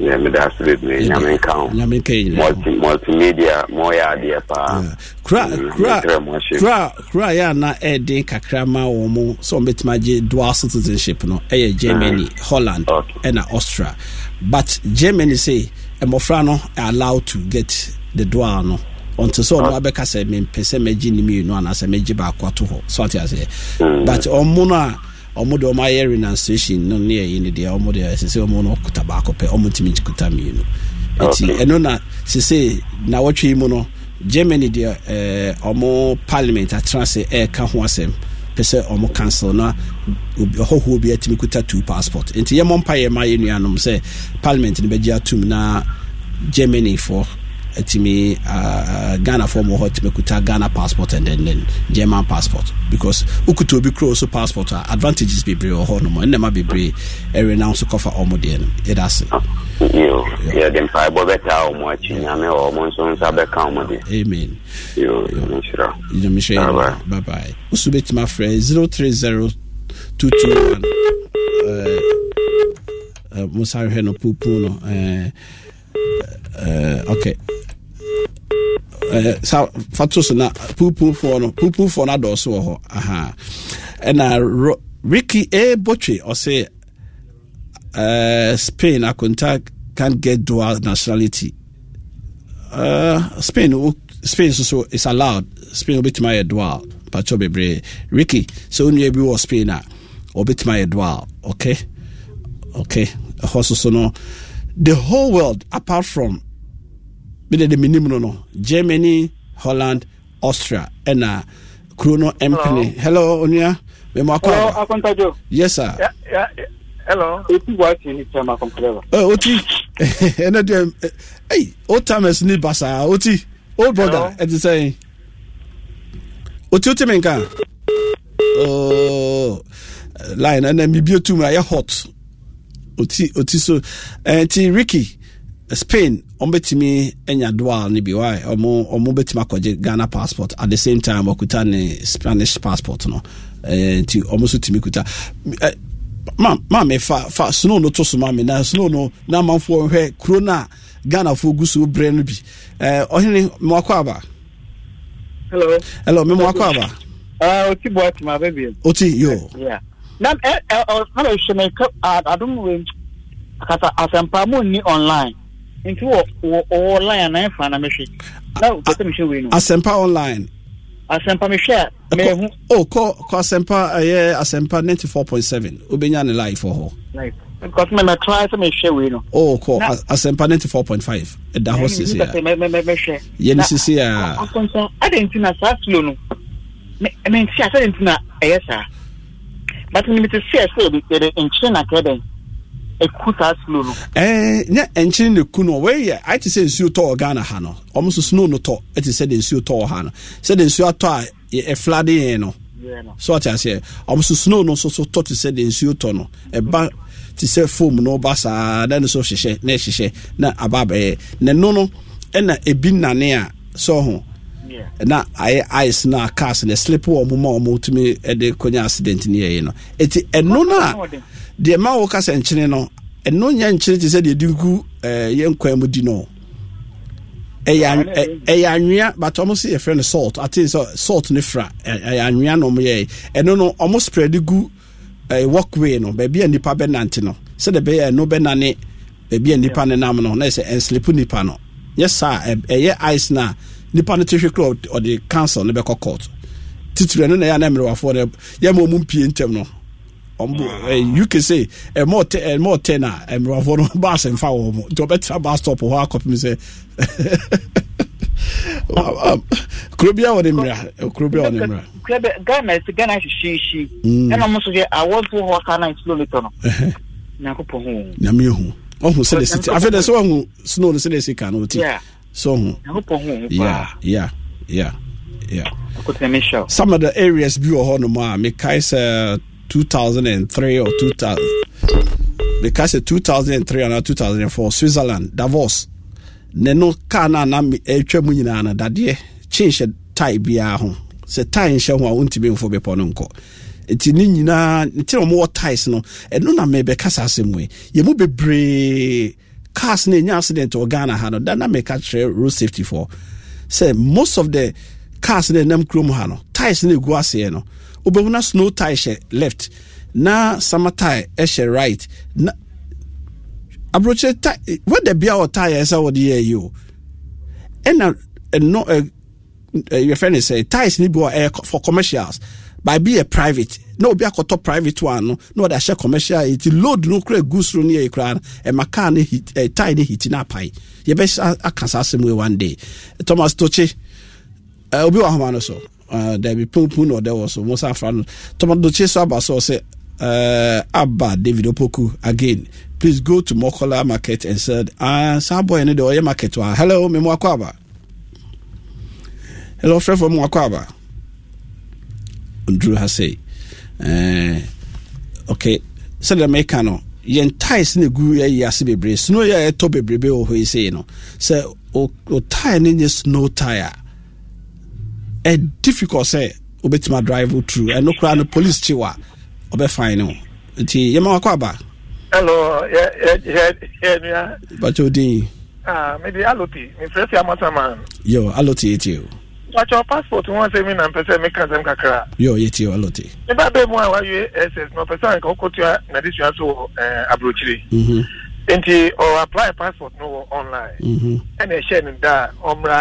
nyameda asere dune nyame nka ho multimedia mɔyɛ adeɛ paa kora mm, yɛ ana ɛden kakra ma wɔ mu sɛ ɔmbɛtumi agye dual citizenship no ɛyɛ germany mm. holland ɛna austria but germany sɛ mmɔfra no allowed to get the dual no ɔnte sɛ ɔno ah. abɛka sɛ mempɛ sɛ magye nim yi no anaasɛ magye baako ato hɔ so ate aseɛ mm. but ɔmo no a ɔmo deɛ ɔmo ayɛ renunciation no ne ɛyi ne deɛ ɔmo deɛ sese ɔmo no kuta baako pɛ ɔmo ntumi kuta mmienu eti ɛno na sese na wɔtwe mu no germany deɛ ɛɛ eh, ɔmo parliament atena eh, se ɛɛka ho asɛm pɛ sɛ ɔmo council na ɔhɔhoɔ bi atumi kuta two passport nti yɛ mɔ mpa yɛ ma yɛ nuanom sɛ parliament no bɛgye atum na germany for ɛtumi uh, uh, ghana fɔ mu tumi kuta ghana passport and then, then german passport because wokuta obi kuro uh, so passport a advantages bebree wɔ hɔ nom nnɛma bebree ɛre na nso kɔfa ɔmo deɛ no yɛda se yɛde mpaebɔ bɛtaa ɔmo akyi nyame wɔ ɔmo nso nsa bɛka ɔmo de amen nhyira babae woso bɛtumi afrɛ 030 221 uh, uh, mosahwɛ no pupu no uh, Uh, okay. Eh, sa fato so na pupufoɔ no pupufoɔ no adɔɔso wɔ hɔ aha ɛna ricky a botwe ɔse uh, spain akonta can't get dual nationality uh, spain spain so so is allowed spain wobɛtumi ayɛ dual patwɛ bebree ricky sɛ wo nnua bi wɔ spain a wɔbɛtumi ayɛ dual okay okay ɛhɔ so so no the whole world apart from bide de menim no no germany holland austria ɛna kuro no mpene hello onua mɛmo akɔ yes sir yeah, yeah, yeah. Hello. Oti. Ẹnna di ẹm. Ẹyi, old timers ni basa. Oti, old brother, ẹ ti sẹ́yìn. Oti oti mi nka. Line ẹnna mi bi otu mu ayẹ hot. ɔti so eh, nti ricky spain ɔmbɛtumi anya doa no bi why ɔmo bɛtumi akɔgye ghana passport at the same time ɔkuta ne spanish passport no eh, nti ɔmo so tumi kuta eh, maame fa fa snow no to so maame na snow no na amanfoɔ hwɛ kuro no a ghanafoɔ gu so brɛ no bi ɔhene mmoakɔ aba hello hello me mmoakɔ aba ɔti ah, boatim abɛbie ɔti yo na ẹ ẹ ọ sábà ìṣẹ̀mẹ̀ kẹ àdúmùwẹ̀ kàtà àfẹ̀mpá mò online nti wọ wọ wọ online àná ẹ̀ fàánà mi na kẹsẹ̀ mi hwẹ̀ wẹ̀ nù. online. àsẹ̀mpá mi hwẹ̀ a mẹ̀ hu. Oh, o kọ kọ àsẹ̀mpá eh, ẹ̀yẹ àsẹ̀mpá ninety four point seven o bẹ nya ni live wọ họ. because mẹ mẹ try sẹ mi hwẹ wẹ̀ nù. o kọ àsẹ̀mpá ninety four point five ẹ̀dá họ sisi ya yẹni sisi ya. akọnsa adé ntina saa slow nù mẹ mẹ nti asẹ́ ntina ẹ̀yẹ saa. but limiti share sɛ yɛde nkyene na kɛdɛ ɛku saa snow no. ɛɛ nyɛ nkyene na ku no wɔyɛ yɛ ayi te sɛ nsuo tɔ wɔ ghana ha no ɔmo so snow no tɔ ɛte sɛ de nsuo tɔ wɔ ha no sɛ de nsuo atɔ a ɛflade yɛn no so ɔte aseɛ ɔmo so snow no so so tɔ te sɛ de nsuo tɔ no ɛba eh, te sɛ foam no ba saa eh, eh, na ne ah, so hyehyɛ na ɛhyehyɛ na aba abɛyɛ na no no ɛna ebi nane a sɔɔ ho. na ayɛ ice na cars na slip wɔ mo ma ɔmo tumi de kɔnya accident ne yɛyi no eti ɛno no a deɛ ma woka sɛ nkyene no ɛno nyɛ nkyene te sɛ deɛ de gu yɛ nkwan mu di no ɛyɛ anwea but ɔmo sɛ yɛfrɛ no salt ate sɛ salt ne fra ɛyɛ anwea na ɔmo yɛɛ ɛno no ɔmo spread gu walkway no baabi a nipa bɛ bɛnante no sɛdeɛ bɛyɛ ɛno bɛnane baabi a nipa ne nam no na ɛsɛ ɛnslipu nipa no nyɛ saa ɛyɛ ice na. nipa no tehwe kura ɔde council no bɛkɔ court titiri ɛno na yɛ anam mmerewafoɔ no yɛ ma ɔmo mpie ntɛm no ɔmo uk sɛ ɛmɔ tɛ ɛmɔ tɛ na mmerewafoɔ no baas [laughs] nfa wɔ mo nti ɔbɛtena baas stop hɔ akɔpem sɛ [laughs] kuro bi a wɔde mmira eh, kuro bi a wɔde mmira. kuro ghana ɛsɛ ghana ahyehyɛ ehyi mm. ɛna ɔmo nso yɛ awɔnfo hɔ kaa nine kilometre no nyakopɔ ho. nyame ehu ɔhu sɛdeɛ si ti afei de sɛ ɔhu snow no sɛdeɛ si kan no ti so some of the areas bi wɔ hɔ nom a mekae sɛ 2003 or 2000 mekae sɛ 2003 anaa 2004 switzerland davos ne no kar no ana atwa mu nyinaa no dadeɛ kyenhyɛ tae biara ho sɛ tae nhyɛ ho a wontumi mfo bepɔ no nkɔ nti ne nyinaa nti na ɔmowɔ ties no ɛno na mebɛka saa asɛm mu yi yɛ mu bebree cars na nya accident wɔ ghana ha no da na meka kyerɛ road safety for Say most of the cars na ɛnam kurom ha no tires na ɛgu aseɛ no wobɛhu na snow tire hyɛ left na summer tire ɛhyɛ right na aburokyerɛ tire wɔda bia wɔ tire ɛsɛ wɔde yɛ yi o ɛna ɛno ɛ yɛfrɛ no sɛ tires ne bi wɔ ɛyɛ for commercials baabi yɛ private na obi akɔtɔ private one no na ɔde ahyɛ commercial yɛ ti load no kura gu soro no yɛ kura ɛma car ne hit ɛ tae ne hit na apae yɛbɛ aka saa asɛm wei one day thomas toche ɛ obi wɔ ahoma no so ɛ dɛbi pumpu na ɔdɛ wɔ so musa afra no thomas toche so aba so ɔsɛ ɛ aba david opoku again please go to mokola market and said, ah saa boy no de ɔyɛ market wa hello memu akɔ aba hello fɛfɛ mu akɔ aba nduru ha sei. Eh, ok sɛdeɛ meka no yɛn ties na ɛgu ɛyi ase bebree snow yɛ ɛtɔ bebrebe wɔ hɔ yi sei no sɛ o tie no nyɛ snow tie a ɛ difficult sɛ wobɛtumi drive through ɛno koraa no police kyi wa ɔbɛfine no nti yɛma wakɔ aba hello yɛnua bàtɛ odin ah, mede aloti mefrɛ si amasaman yo aloti ɛtio mpatsɔ passport wọn sɛ mi na mpɛsɛ mi kan sɛm kakra. yóò yé tiɛ wa lɔtɛ. ne ba bɛ mu a wa uss na ɔpɛsɛ anka ɔkɔtua n'adesua so ɛɛ aburokyire. nti ɔ apply passport no wɔ online. ɛna ɛhyɛ ne da ɔmra